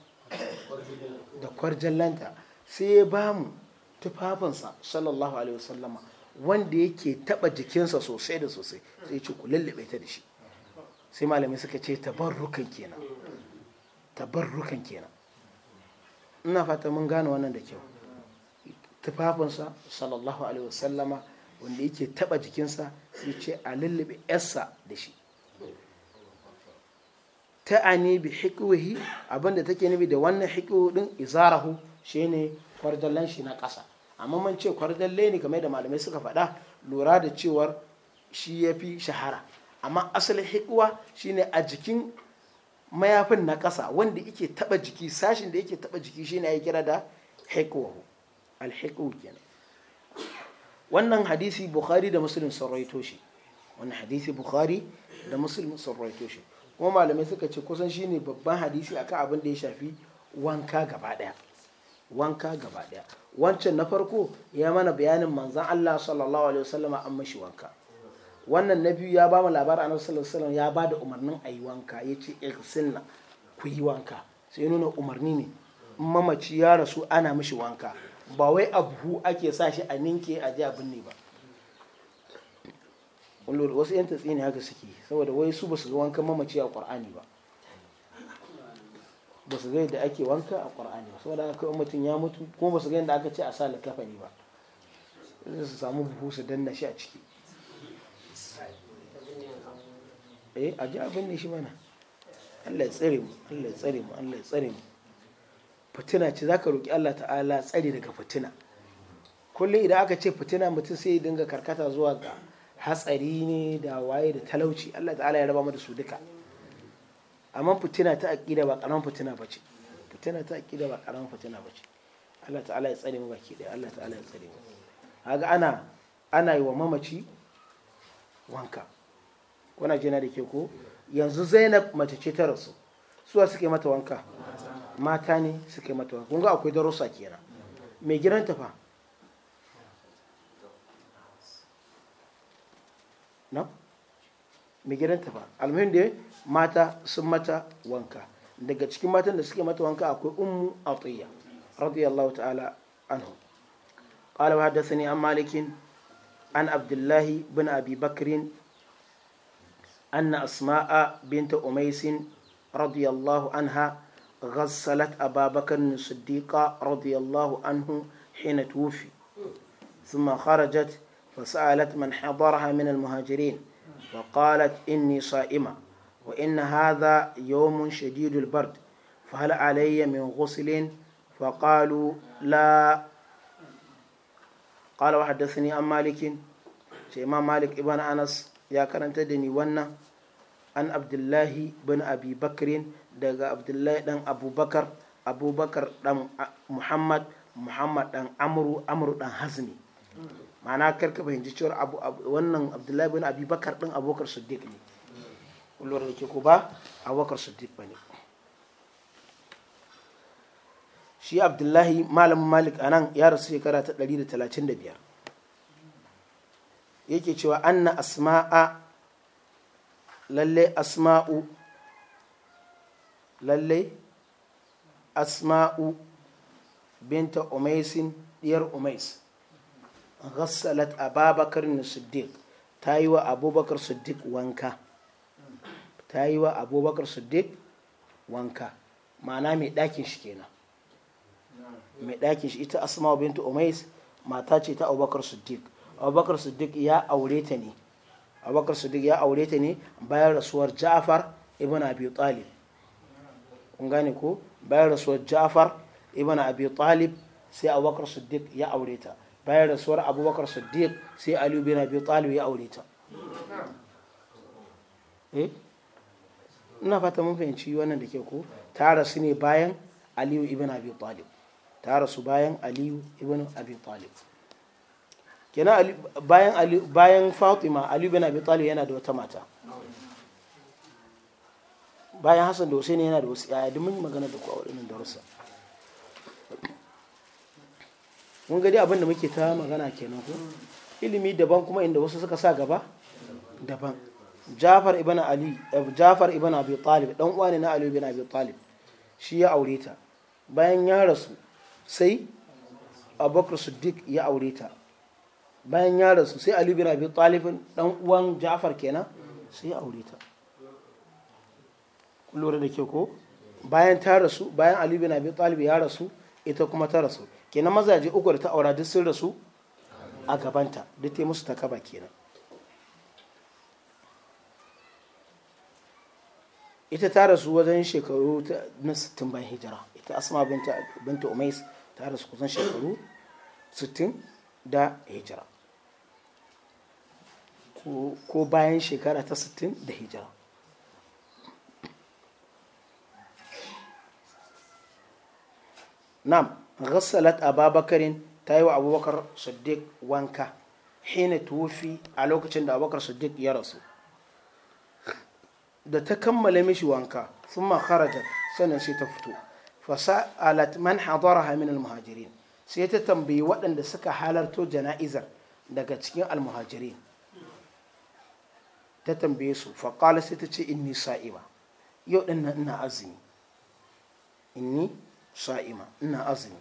Speaker 1: da kwarjallanta sai ya ba mu tufafinsa sallallahu alaihi wasallama wanda yake taba jikinsa sosai da sosai sai ce ku lullube ta da shi sai malamai suka ce tabarrukan kenan tabarrukan kenan ina fata mun gane wannan da kyau tufafinsa sallallahu alaihi wasallama wanda yake taba jikinsa sai ce a lullube yarsa da shi ta'ani bi hikwihi abinda take nufi da wannan hikwihi din izarahu shine kwardallan shi na ƙasa amma man ce kwardalle ne kamar da malamai suka faɗa lura da cewar shi ya fi shahara amma asalin hikwa shine a jikin mayafin na ƙasa wanda yake taba jiki sashin da yake taba jiki shine ya kira da hikwahu alhikwu kenan wannan hadisi bukhari da musulun sarraito shi wannan hadisi bukhari da musulun sarraito shi kuma malamai suka ce kusan shi ne babban hadisi a kan abin da ya shafi wanka gaba daya wanka gaba daya wancan na farko ya mana bayanin manzan Allah sallallahu alaihi wasallama an mashi wanka wannan na biyu ya ba mu labarin annabi sallallahu alaihi ya ba da umarnin a yi wanka ya ce irsinna ku yi wanka sai ya nuna umarni ne mamaci ya rasu ana mishi wanka ba wai abu ake sa shi a ninke a ji a ne ba wasu yan tatsi ne haka suke saboda wai su ba wanka mamaci a qur'ani ba ba su ga yadda ake wanka a qur'ani ba saboda haka mutum ya mutu kuma basu su ga yadda aka ce a sa likafani ba su samu buhu su danna shi a ciki eh a ji abin ne shi mana Allah ya tsare mu Allah ya tsare mu Allah ya tsare mu fitina ce zaka roƙi Allah ta'ala tsare daga fitina kullum idan aka ce fitina mutum sai ya dinga karkata zuwa ga hatsari ne da waye da talauci Allah ta'ala ya raba mu da su duka amma fitina ta aqida ba ƙaramin fitina bace fitina ta aqida ba ƙaramin fitina bace Allah ta'ala ya tsare mu baki daya Allah ta'ala ya tsare mu kaga ana ana yi wa mamaci wanka kuna jina da ke ku yanzu zainab mace ce ta rasu suwa suke mata wanka mata ne suke mata wanka kun ga akwai darussa kenan mai ta fa na mai ta fa almuhim da mata sun mata wanka daga cikin matan da suke mata wanka akwai ummu atiya radiyallahu ta'ala anhu قال وحدثني عن مالك عن عبد الله بن ابي بكر أن أسماء بنت أميس رضي الله عنها غسلت أبا بكر الصديق رضي الله عنه حين توفي ثم خرجت فسألت من حضرها من المهاجرين فقالت إني صائمة وإن هذا يوم شديد البرد فهل علي من غسل فقالوا لا قال وحدثني أم مالك إمام مالك ابن أنس ya karanta da ni wannan an abdullahi bin abi bakrin daga abdullahi dan abubakar abubakar dan muhammad muhammad dan amuru amuru dan hasni ma'ana karka fahimci cewar wannan abdullahi bin abi bakar din abubakar siddiq ne kullum da ke ku ba abubakar siddiq ba ne shi abdullahi malam malik anan ya rasu shekara ta 135 yake cewa anna asma'a lalle asma'u lalle asma'u binta umaisin diyar umais ghassalat ababakar siddiq ta yi wa abubakar siddiq wanka ta yi wa abubakar siddiq wanka ma'ana mai ɗakin shi kenan mai ɗakin shi ita asma'u binta umais mata ce ta abubakar siddiq abubakar siddiq ya aure ta ne abubakar siddiq ya aure ta ne bayan rasuwar ja'far ibn abi talib kun gane ko bayan rasuwar ja'far ibn abi talib sai abubakar siddiq ya aure ta bayan rasuwar abubakar siddiq sai aliyu bin abi talib ya aure ta eh ina fata mun fahimci wannan da ke ko ta rasu ne bayan aliyu ibn abi talib ta rasu bayan aliyu ibn abi talib kenan bayan bayan Fatima Ali bin Abi Talib yana da wata mata bayan Hassan da Hussein yana da wasu yaya duk magana da ku a wadannan darussa mun ga dai abin da muke ta magana kenan ko ilimi daban kuma inda wasu suka sa gaba daban Jafar ibn Ali eh, Jafar ibn Abi Talib dan uwa ne na Ali bin Abi Talib shi ya aure ta bayan ya rasu sai Abubakar Siddiq ya aure ta bayan ya rasu sai Ali bin Abi Talib dan uwan Ja'far kenan sai aure ta lura da ke ko bayan ta rasu bayan Ali bin Abi Talib ya rasu ita kuma ta rasu kenan mazaje uku da ta aura duk sun rasu a gabanta duk ta musu takaba kenan ita ta rasu wajen shekaru na 60 bayan hijira ita asma binta umais ta rasu kusan shekaru 60 da hijira ko bayan shekara ta 60 da hijira nam ghassalat ababakarin ta yi wa abubakar shaddik wanka hina tufi a lokacin da abubakar shaddik ya rasu da ta kammala mishi wanka sun makarajar sannan sai ta fito fasa'alat man hadara haminin muhajirin sai ta tambayi waɗanda suka halarto jana'izar daga cikin almuhajirin ta tambaye su faƙala sai ta ce inni sa'ima yau ɗin nan ina azumi inni sa'ima ina azumi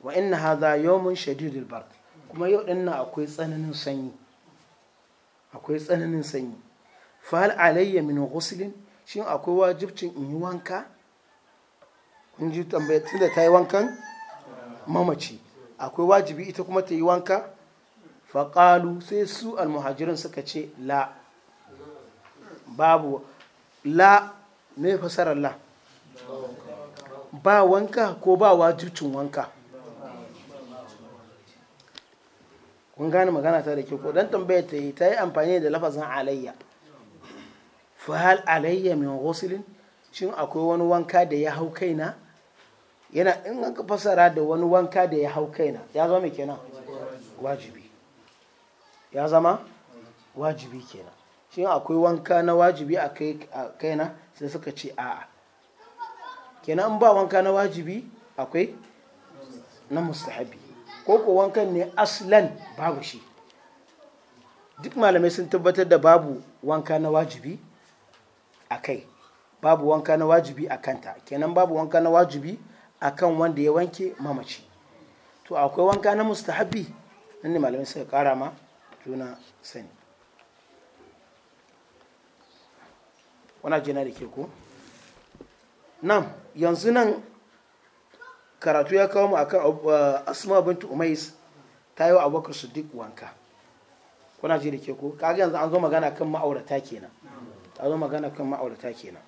Speaker 1: wa inna hadha yawmun shadidul bard kuma yau ɗin nan akwai tsananin sanyi akwai tsananin sanyi fa alayya min ghuslin shin akwai wajibcin in yi wanka kun ji tambaye tunda ta yi wankan mamaci akwai wajibi ita kuma ta yi wanka faƙalu sai su almuhajirin suka ce la babu la fasarar la ba wanka ko ba wajibcin wanka kun gane magana ta da ke kodon dan tambaya ta yi ta yi amfani da lafazin alayya fa alayya mai ghuslin shin akwai wani wanka da ya hau kaina yana in an fasara da wani wanka da ya hau kaina ya zama mai kenan wajibi ya zama wajibi kenan shi akwai wanka na wajibi a kaina sai suka ce a'a kenan in ba wanka na wajibi akwai na mustahabi ko ko wankan ne aslan babu shi duk malamai sun tabbatar da babu wanka na wajibi a kai babu wanka na wajibi a kanta kenan babu wanka na wajibi akan wanda ya wanke mamaci to akwai wanka na mustahabi nan ne malamai suka kara ma juna sani wana jina da ke ko nan yanzu nan karatu ya kawo mu akan eh, asma bintu umais ta yi wa abokan su duk wanka kuna ji da ke ko kaga yanzu an zo magana kan ma'aurata kenan an zo magana kan ma'aurata kenan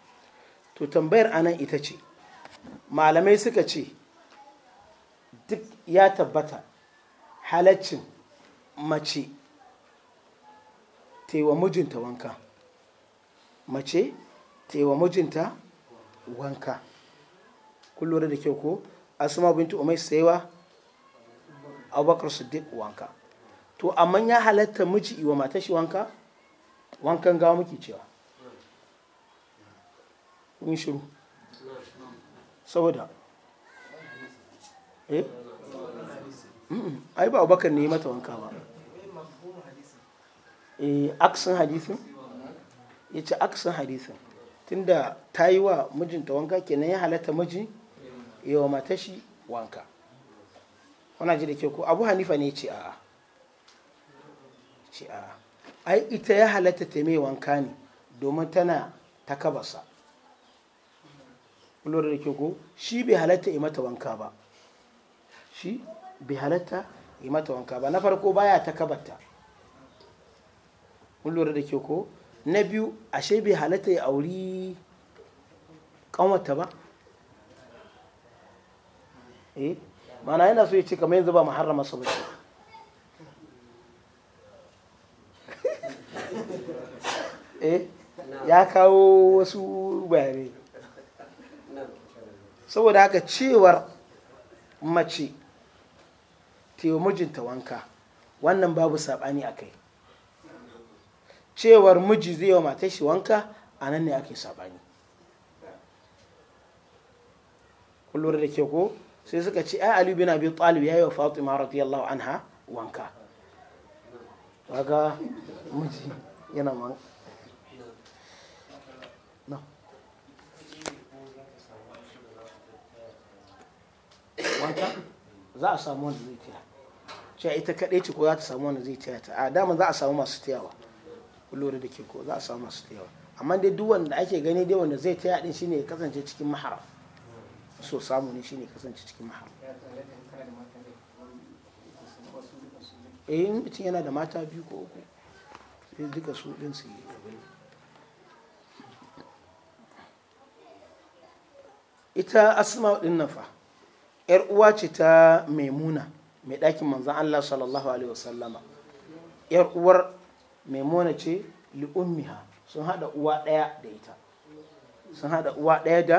Speaker 1: to tambayar anan ita ce malamai suka ce duk ya tabbata halaccin mace taiwa mijinta wanka mace taiwa mijinta wanka kullum da kyau ko asuma bintu umai saiwa abubakar siddiq wanka to amma ya halatta miji iwa mata shi wanka wankan gawa muke cewa kun shiru saboda eh ai ba abubakar ne mata wanka ba eh aksin hadisin ya ce aksin hadisin tunda ta yi wa mijinta wanka kenan ya halatta maji yawa matashi wanka wana ji da ke ko abu hanifa ne ce a ce a'a ai ita ya halatta ta mai wanka ne domin tana ta kabasa kullum da ke ko shi bai halatta yi mata wanka ba shi bai halatta yi mata wanka ba na farko baya ta kabarta kullum da ke ko na biyu ashe bai halatta ya auri kanwata ba eh mana yana so ya ce kamar yanzu ba mu harrama su bace eh ya kawo wasu bayanai saboda haka cewar mace tewa mijinta wanka wannan babu saɓani a kai cewar miji zai wa matar shi wanka a nan ne ake saɓani kullum da ke ko sai suka ce ai ali bin abi ya yi wa fatima radiyallahu anha wanka kaga miji yana wanta za a samu wanda zai taya cewa ita kaɗai ce ko za ta samu wanda zai tiya ta a dama za a samu masu tayawa lura da ke ko za a samu masu tayawa amma dai duk wanda ake gani dai wanda zai taya din shine ya kasance cikin mahara so samu ne shine kasance cikin mahara eh in mutum yana da mata biyu ko uku sai duka su din su yi ita asma din nan fa yar uwa ce ta maimuna mai ɗakin manzan Allah sallallahu alaihi wasallama yar uwar maimuna ce li'ummiha sun haɗa uwa ɗaya da ita sun haɗa uwa ɗaya da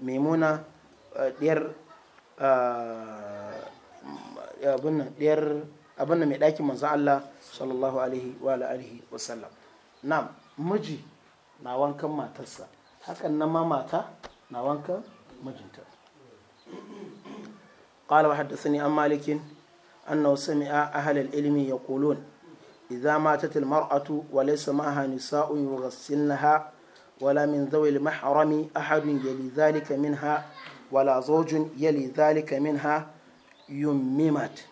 Speaker 1: maimuna eh, ɗiyar eh, ɗiyar abin mai ɗakin manzan Allah sallallahu alaihi wa wasallam na miji na wankan matarsa hakan na ma mata na wankan mijinta قال وحدثني عن مالك أنه سمع أهل العلم يقولون إذا ماتت المرأة وليس معها نساء يغسلنها ولا من ذوي المحرم أحد يلي ذلك منها ولا زوج يلي ذلك منها يممت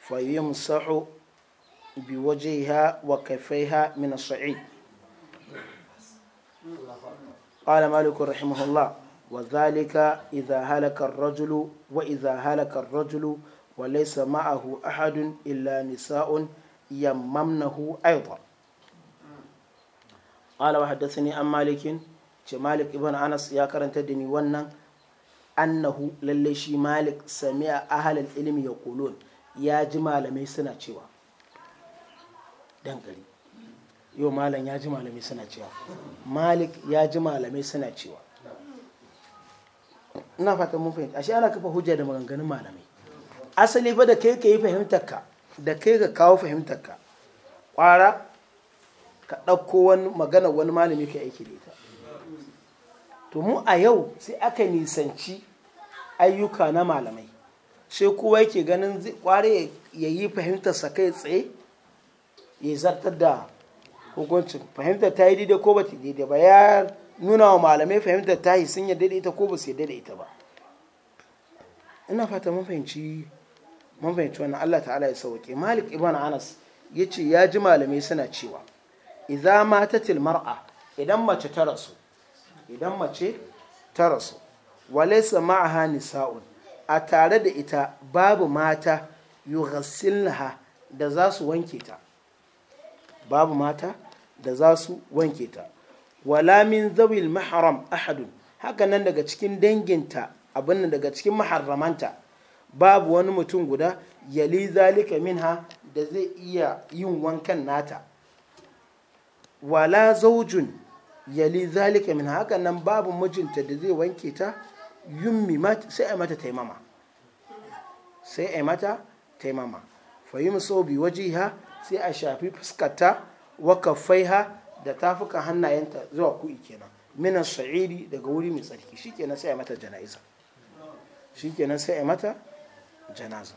Speaker 1: فيمسح بوجهها وكفيها من الصعيد قال مالك رحمه الله وذلك إذا هلك الرجل وإذا هلك الرجل وليس معه أحد إلا نساء يممنه أيضا قال وحدثني عن مالك مالك ابن أنس يا كرنت دني ونن أنه للشي مالك سمع أهل العلم يقولون يا جمال ميسنا تشوا دنقلي يو مالا يا جمال ميسنا تشوا مالك يا جمال ميسنا تشوا ina fatan mun fahimta ashe ana kafa hujja da maganganun malamai asali fa da kai ka yi fahimtar ka da kai ka kawo fahimtar ka kwara ka ɗauko wani magana wani malami ka aiki da ita to mu a yau sai aka nisanci ayyuka na malamai sai kowa yake ganin kware ya yi fahimtarsa kai tsaye ya zartar da hukuncin fahimtar ta yi daidai ko ba ta daidai ba ya nuna wa malamai fahimtar tahi sun yadda da ita ko ba su yadda da ita ba ina fata mafahimci fahimci Allah ta'ala ya sauke Malik ibn Anas ce ya ji malamai suna cewa iza mata mar'a idan mace ta rasu idan mace ta rasu walaysa ma'aha nisa'un a tare da ita babu mata yughassilnaha da za su wanke ta babu mata da za su wanke ta wala min zawil mahram ahadun haka nan daga cikin danginta abin daga cikin maharramanta babu wani mutum guda yali zalika minha da zai iya yin wankan nata wala zaujun yali zalika minha haka nan babu mijinta da zai wanke ta yummi sai a mata taimama sai a mata taimama fa yumsu bi wajiha sai a shafi fuskarta wa kaffaiha da tafuka hannayenta zuwa ku'i kenan minan sa'iri daga wuri mai tsarki shikenan sai a mata jana'iza shikenan sai a mata janaza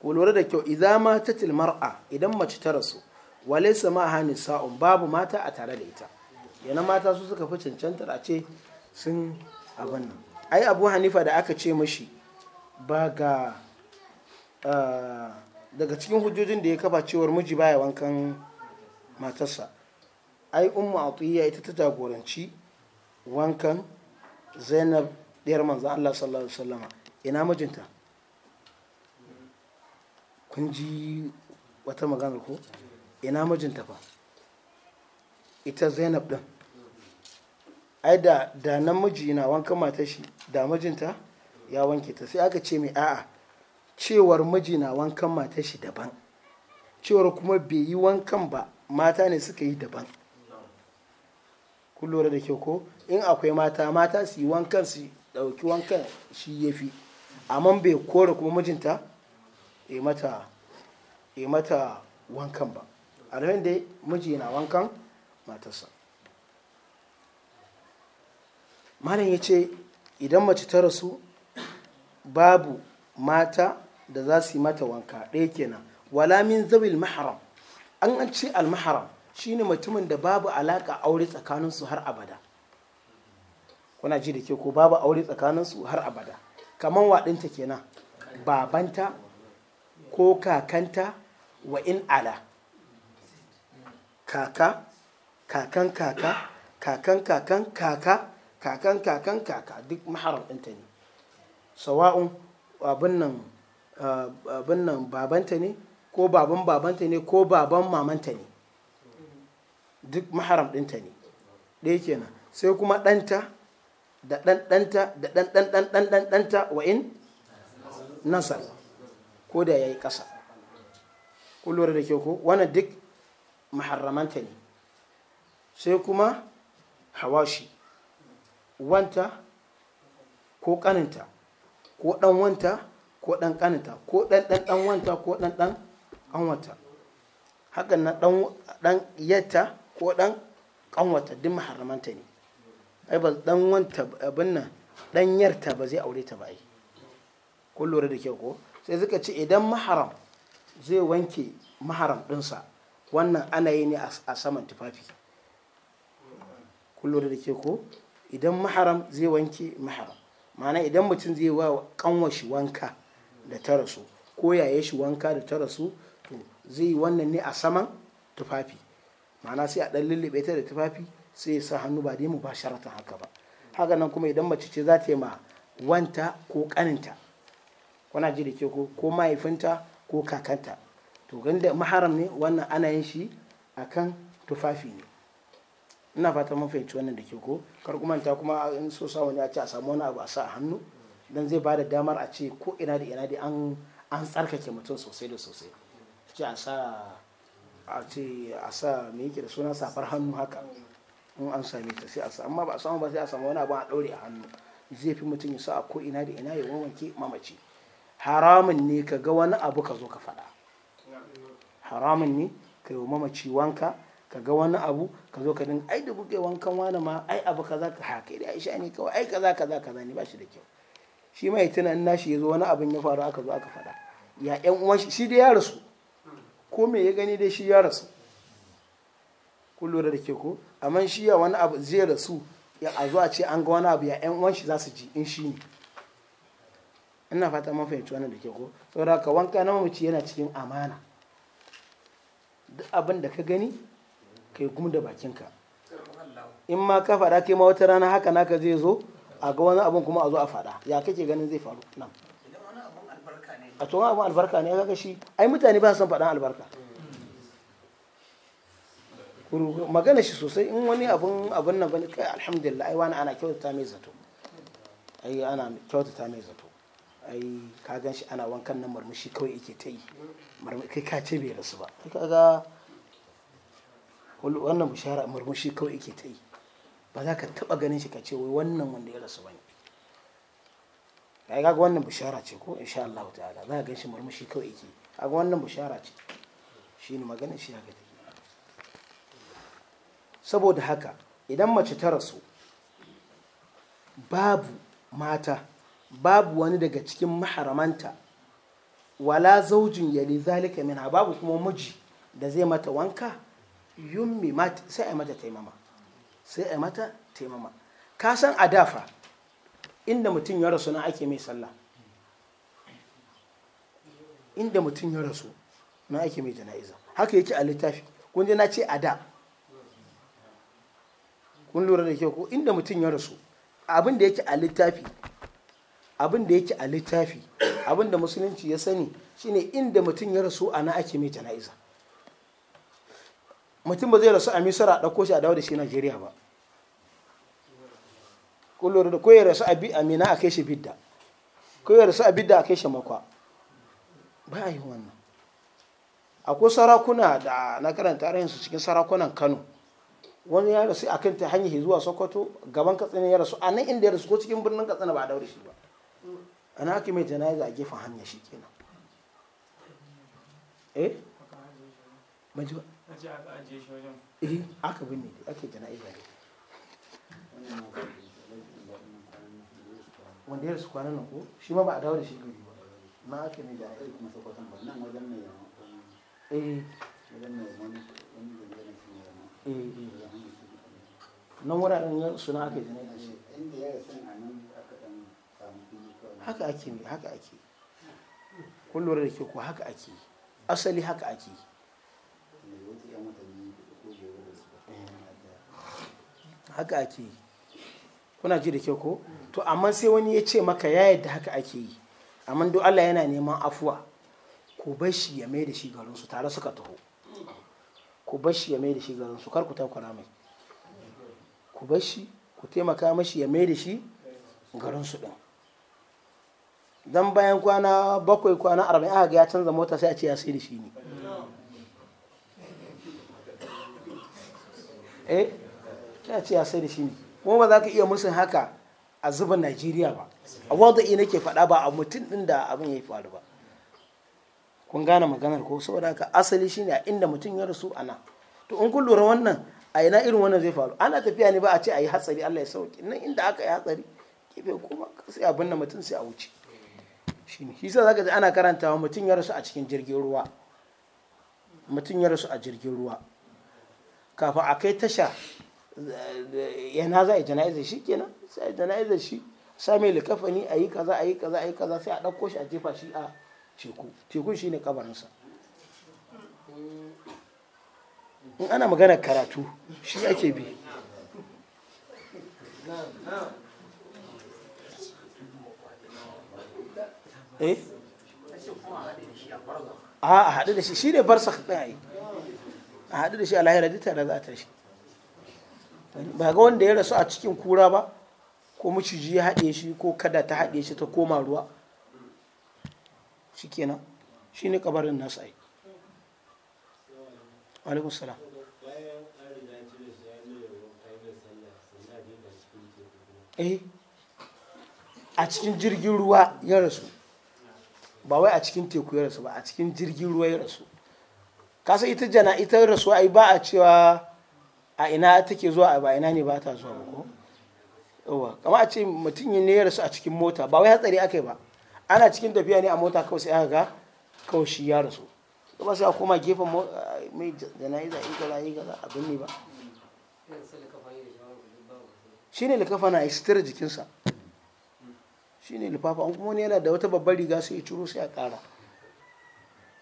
Speaker 1: ku lura da kyau idan ma ta tilmar'a idan mace ta rasu wale sama a hannun sa'un babu mata a tare da ita yana mata su suka fi cancantar a ce sun abin nan ai abu hanifa da aka ce mashi ba ga eh, daga cikin hujjojin da ya kafa cewar miji baya wankan matarsa ai umma atiyya ita ta jagoranci wankan zainab ɗiyar manzo Allah sallallahu alaihi wasallama ina mijinta kun ji wata maganar ko ina mijinta fa ita zainab din ai da da miji na wankan matar shi da mijinta ya wanke ta sai aka ce mai a'a cewar miji na wankan matar shi daban cewar kuma bai yi wankan ba mata ne suka yi daban kun da kyau ko in akwai mata mata su yi wankan su ɗauki wankan shi ya fi amma bai kore kuma mijinta ya mata wankan ba a ramin dai miji na wankan matarsa malam ya ce idan mace ta rasu babu mata da za su yi mata wanka ɗaya kenan wala min zawil mahram an an ce almaharam shine mutumin da babu alaka aure tsakanin su har abada kuna ji da ke ko babu aure tsakanin su har abada kaman waɗinta kenan babanta ko kakanta wa in ala kaka kakan kaka kakan kakan kaka kakan kakan kaka duk maharam ɗinta ne sawa'un abin ah, nan babanta ne ko baban babanta ne ko baban mamanta ne duk maharam ɗinta ne ɗaya kenan sai kuma ɗanta da ɗan da ɗan ɗan ɗan ɗan wa in nasar ko da ya yi ƙasa ku lura da ke ko wannan duk maharamanta ne sai kuma hawashi wanta ko ƙaninta ko ɗan wanta ko ɗan ƙaninta ko dan dan wanta ko dan. ƙanwata hakan na ɗan yatta ko ɗan ƙanwata duk maharamanta ne ai ba ɗan wanta abin nan ɗan yarta ba zai aure ta ba ai kun lura da kyau ko sai suka ce idan maharam zai wanke maharam ɗinsa wannan ana yi ne a saman tufafi kun lura da kyau ko idan maharam zai wanke maharam ma'ana idan mutum zai wa kanwa shi wanka da ta rasu ko yaye shi wanka da ta rasu zai yi wannan ne a saman tufafi ma'ana sai a ɗan lullube ta da tufafi sai ya sa hannu ba dai mu ba sharatan haka ba haka nan kuma idan mace ce za ta yi ma wanta ko kaninta kuna ji da ke ko mahaifinta ko kakanta to ganda maharam ne wannan ana yin shi akan tufafi ne ina fata mun fahimci wannan da ke ko kar ta kuma in so sa wani a ce a samu wani abu a sa a hannu dan zai ba da damar a ce ko ina da ina da an tsarkake mutum sosai da sosai ce a sa a ce a sa me yake da suna safar hannu haka in an same ta sai a sa amma ba a samu ba sai a samu wani abu a ɗaure a hannu zai fi mutum ya sa a ko ina da ina ya wanke mamaci haramun ne ka ga wani abu ka zo ka faɗa haramun ne ka yi mamaci wanka ka ga wani abu ka zo ka din ai da kuke wankan wani ma ai abu kaza ka haka da aisha ne kawai ai kaza kaza kaza ne ba shi da kyau shi ma tunanin nashi ya zo wani abin ya faru aka zo aka faɗa ya ƴan uwan shi da ya rasu ko me ya gani dai shi ya rasu ku lura da ke ko amma shi ya wani abu zai rasu ya a zuwa ce an ga wani abu ya yan uwan shi za su ji in shi ne ina fata mun fahimci wannan da ke ko saboda ka wanka na mamaci yana cikin amana duk abin da ka gani ka yi da bakinka in ma ka faɗa kai ma wata rana haka naka zai zo a ga wani abin kuma a zo a faɗa ya kake ganin zai faru nan a to abin albarka ne kaga shi ai mutane ba san son faɗan albarka magana shi sosai in wani abun abin nan bane kai alhamdulillah ai wani ana kyautata mai zato ai ana kyautata mai zato ai ka gan shi ana wankan nan marmushi kawai yake ta yi kai ka ce bai rasu ba kaga wannan bishara murmushi kawai yake ta yi ba za ka taba ganin shi ka ce wai wannan wanda ya rasu ba ne. ai kaga wannan bishara ce ko insha Allah ta'ala za ka gan murmushi kawai yake kaga wannan bishara ce shine magana shi haka take saboda haka idan mace ta rasu babu mata babu wani daga cikin maharamanta wala zaujin yali zalika minha babu kuma miji da zai mata wanka yummi sai ai mata taimama sai ai mata taimama ka san adafa inda mutum ya rasu na ake mai sallah inda mutum ya rasu na ake mai jana'iza haka yake a littafi kun je na ce a da kun lura da kyau ko inda mutum ya rasu abin da yake a littafi abin da yake a littafi abin da musulunci ya sani shine inda mutum ya rasu ana ake mai jana'iza mutum ba zai rasu a misira a ɗauko shi a dawo da shi najeriya ba kullum da koyar su a a kai shi bidda koyar su rasu Abidda a kai shi makwa ba a yi wannan akwai sarakuna da na karanta su cikin sarakunan kano wani ya rasu akan ta hanyar zuwa sokoto gaban katsina ya rasu a nan inda ya rasu ko cikin birnin katsina ba a daure shi ba ana ake mai jana'iza a gefen hanyar shi kenan eh ji eh ake ne wanda ya su kwanan shi ma ba a dawo da shi gari na ake ne da ba nan wajen mai eh wajen mai eh, eh. da ne eh nan wuraren aka ne eh, inda ya a nan aka dan haka ake ne haka ake kun lura da ke ko haka ake asali haka ake haka ake kuna ji da ke ko mm. to amma sai wani ya ce maka ya yadda haka ake yi amma duk Allah yana neman afuwa ku bar shi ya mai da shi garin su tare suka taho ku bar shi ya mai da shi garin su kar ku takura mai ku bar shi ku taimaka mashi ya mai da shi garin su din dan bayan kwana bakwai kwana arba'in aka ga ya canza mota sai a ce ya sai da shi ne eh sai a ce ya sai da shi ne kuma ba za ka iya musu haka a zuba najeriya ba a wada'i nake faɗa ba a mutum ɗin da abin ya faru ba kun gane maganar ko saboda haka asali shine a inda mutum ya rasu ana to in kun lura wannan a ina irin wannan zai faru ana tafiya ne ba a ce a yi hatsari Allah ya sauke nan inda aka yi hatsari gefe kuma sai abin da mutum sai a wuce shi ne shi sa zaka ji ana karantawa mutum ya rasu a cikin jirgin ruwa mutum ya rasu a jirgin ruwa kafin a kai tasha eh, eh, yana za a yi jana'izar shi kenan sai a jana'izar shi sa mai likafani a yi kaza a yi kaza a yi kaza sai a ɗauko shi a jefa shi a teku tekun shi ne kabarinsa in ana magana karatu shi ake bi eh a haɗu da shi shi ne barsa yi a haɗu da shi a lahira duk tare za ta shi ba ga wanda ya rasu a cikin kura ba ko maciji ya haɗe shi ko kada ta haɗe shi ta koma ruwa shi kenan shi ne ƙabarin nasa yi eh, a cikin jirgin ruwa ya rasu ba wai a cikin teku ya rasu ba a cikin jirgin ruwa ya rasu kasa ita jana ita rasu ai ba a cewa a ina take zuwa a ba ina ne ba ta zuwa ba ko yawa kama a ce mutum ne ya rasu a cikin mota ba wai hatsari aka yi ba ana cikin tafiya ne a mota kawai sai aka ga kawai shi ya rasu ba sai a koma gefen mai jana'iza in kaza yi kaza abin ne ba shi ne likafa na istira jikinsa shi ne lifafa an kuma wani yana da wata babbar riga sai ya ciro sai a kara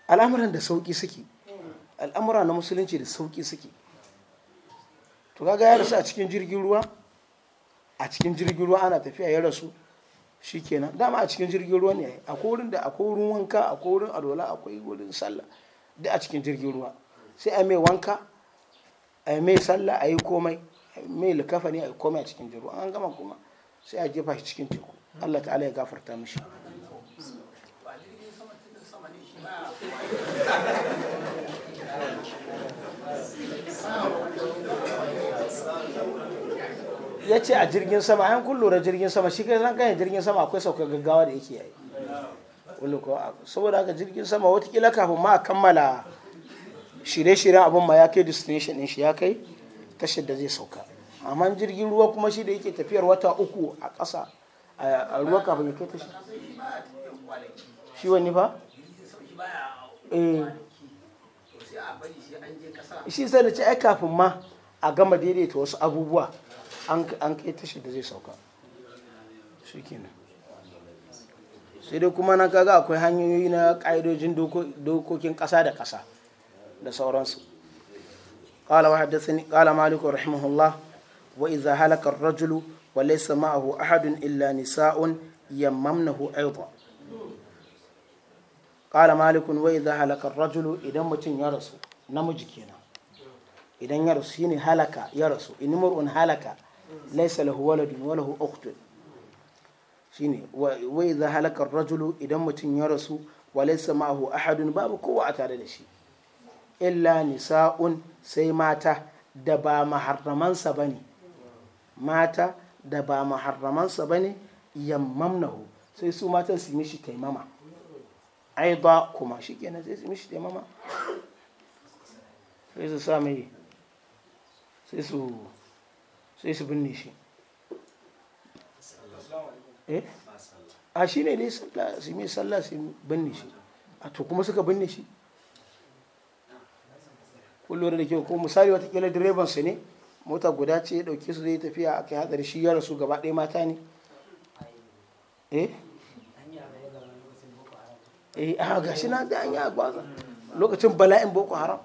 Speaker 1: al'amuran da sauki suke al'amura na musulunci da sauki suke to kaga ya rasu a cikin jirgin ruwa a cikin jirgin ruwa ana tafiya ya rasu shi kenan dama a cikin jirgin ruwa ne a akwai wurin da akwai wurin wanka akwai wurin alwala akwai wurin sallah duk a cikin jirgin ruwa sai a mai wanka a mai sallah a yi komai mai likafa ne a yi komai a cikin jirgin ruwa an gama kuma sai a jefa shi cikin teku Allah ta'ala ya gafarta mishi ya ce a jirgin sama yan kun lura jirgin sama shi kai zan kai jirgin sama akwai sauka gaggawa da yake
Speaker 2: yi
Speaker 1: saboda haka jirgin sama watakila kafin ma a kammala shirye-shiryen abin ma ya kai destination din shi ya kai tashar da zai sauka amma jirgin ruwa kuma shi da yake tafiyar wata uku a ƙasa a ruwa kafin ya kai tashar shi wani fa? Eh. shi sai da ce ai kafin ma a gama daidaita wasu abubuwa an keta shi da zai sauka shi kenan sai dai kuma na kaga akwai hanyoyi na ƙa'idojin dokokin ƙasa da ƙasa da sauransu ƙala wa haddasani ƙala malikun rahimahullah wa iza halakar rajulu wa laisa ma'ahu ahadun illa nisa'un yammamnahu aiwa ƙala malikun wa iza halakar rajulu idan mutum ya rasu namiji kenan idan ya rasu shine halaka ya rasu inumar halaka laisa lahu waladun wa lahu ukhtun shine wa idha halaka ar-rajulu idan mutun ya rasu wa laisa ma'ahu ahadun babu kowa a tare da shi illa nisa'un sai mata da ba maharraman sa bane mata da ba maharraman sa bane yammamnahu sai su mata su mishi taimama aida kuma shikenan sai su mishi taimama sai su sa mai sai su sai su binne shi eh? a shi ne dai su yi sallah su binne shi a to kuma suka binne shi kullum da ke ko misali watakila direban su ne mota guda ce dauke su zai tafiya a kai hadari shi yara su gaba ɗaya mata ne eh eh a gashi na da an yi agwaza lokacin bala'in boko haram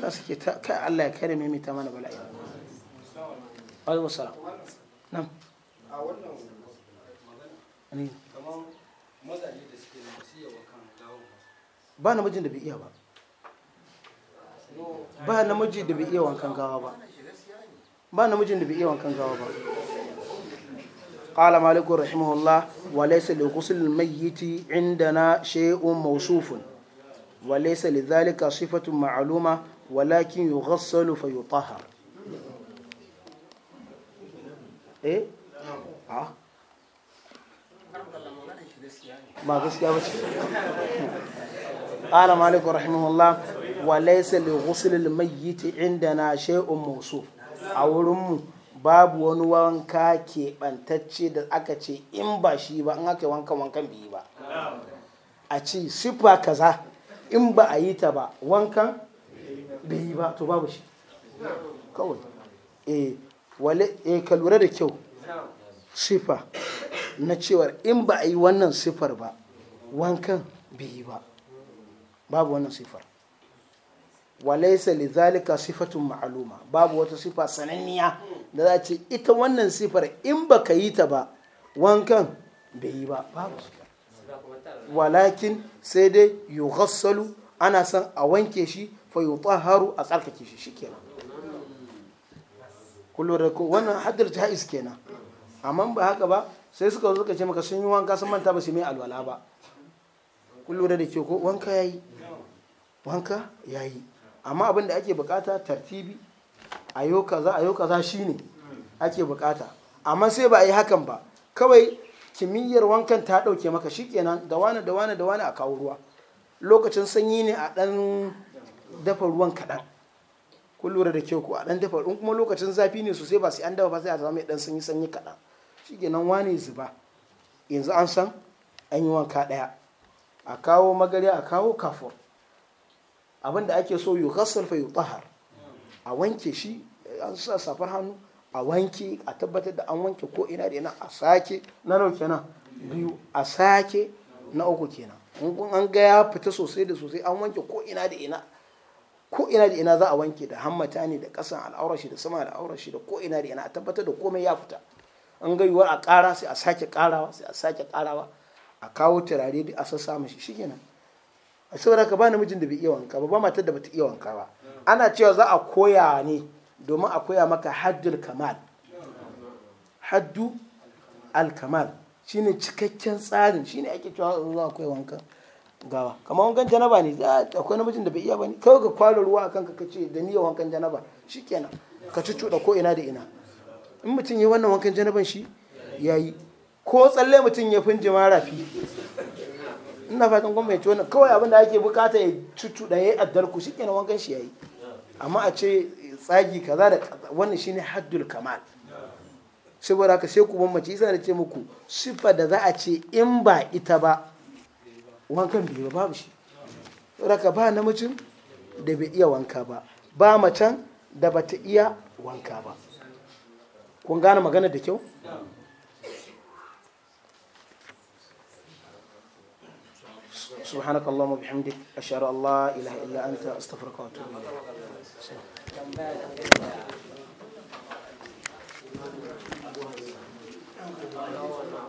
Speaker 1: ta suke ta kai Allah ya kare mai mai ta mana bala'in alaikum salam nan a wannan magana kamar mazaje da suke da su yawa kan gawo ba namijin da bai iya ba ba namiji da bai iya wankan gawa ba ba da bai iya wankan gawa ba قال مالك رحمه الله وليس لغسل الميت عندنا شيء موصوف وليس لذلك صفة معلومة ولكن يغسل فيطهر eh a ba gaskiya ba ce ƙara malikun rahimahullah wa laisa li ghuslil mayyit indana shay'un musu a wurinmu babu wani wanka ke keɓantacce da aka ce in ba shi ba an aka wanka wankan biyu ba a ce siffa kaza in ba a yi ta ba wankan biyu ba to babu shi kawai eh wale eh ka lura da kyau sifa na cewar in ba a yi wannan sifar ba wankan bai yi ba babu wannan sifar walaisa zalika sifatun ma'aluma babu wata sifa sananniya da za ce ita wannan sifar in ba ka yi ta ba wankan bai yi ba babu walakin sai dai yughassalu ana San a wanke shi fa haru a tsarkake shi kenan kullum da wannan haddar ja'iz kenan amma ba haka ba sai suka zo suka ce maka sun yi wanka sun manta ba su mai alwala ba kullum da ke ko wanka yayi wanka yayi amma abin da ake bukata tartibi ayo kaza ayo kaza shine ake bukata amma sai ba a yi hakan ba kawai kimiyyar wankan ta dauke maka shikenan da wani da wani da wani a kawo ruwa lokacin sanyi ne a dan dafa ruwan kaɗan kun lura da kyau ko a dan dafa in kuma lokacin zafi ne sosai ba sai an dafa ba sai a zama mai dan sanyi sanyi kaɗan shikenan wane zuba yanzu an san an yi wanka ɗaya a kawo magari a kawo kafur abin da ake so yi ghasal fa yutahhar a wanke shi an sa safar hannu a wanke a tabbatar da an wanke ko ina da ina a sake na nan kenan biyu a sake na uku kenan in an ga ya fita sosai da sosai an wanke ko ina da ina ko ina da ina za a wanke da hammata ne da kasan al'aurashi da sama al'aurashi da ko ina da ina a tabbatar da komai ya fita an ga yiwuwar a kara sai a sake ƙarawa sai a sake karawa a kawo turare da a sassa mashi shikenan a saboda ka ba namijin da bai iya wanka ba ba matar da bata iya wanka ba ana cewa za a koya ne domin a koya maka haddul kamal haddu al kamal shine cikakken tsarin shine ake cewa za a koya wanka gawa kamar wankan janaba ne akwai namijin da bai iya bane kawai ka kwara ruwa a kanka kace da niyyar wankan janaba shikenan ka cuccuɗa ko ina da ina in mutum yi wannan wankan janaban shi yayi ko tsalle mutum ya fin jima rafi ina fatan kuma mai wannan kawai abin da ake bukata ya da ya yi addarku shikenan wankan shi yayi amma a ce tsagi kaza da wannan shine haddul kamal saboda haka sai ku bambace isa da ce muku siffa da za a ce in ba ita ba wankan biyu ba babu shi raka ba namijin da bai iya wanka ba ba macen da ba ta iya wanka ba kun gane magana da kyau سبحانك اللهم وبحمدك أشهد أن لا إله إلا أنت أستغفرك وأتوب إليك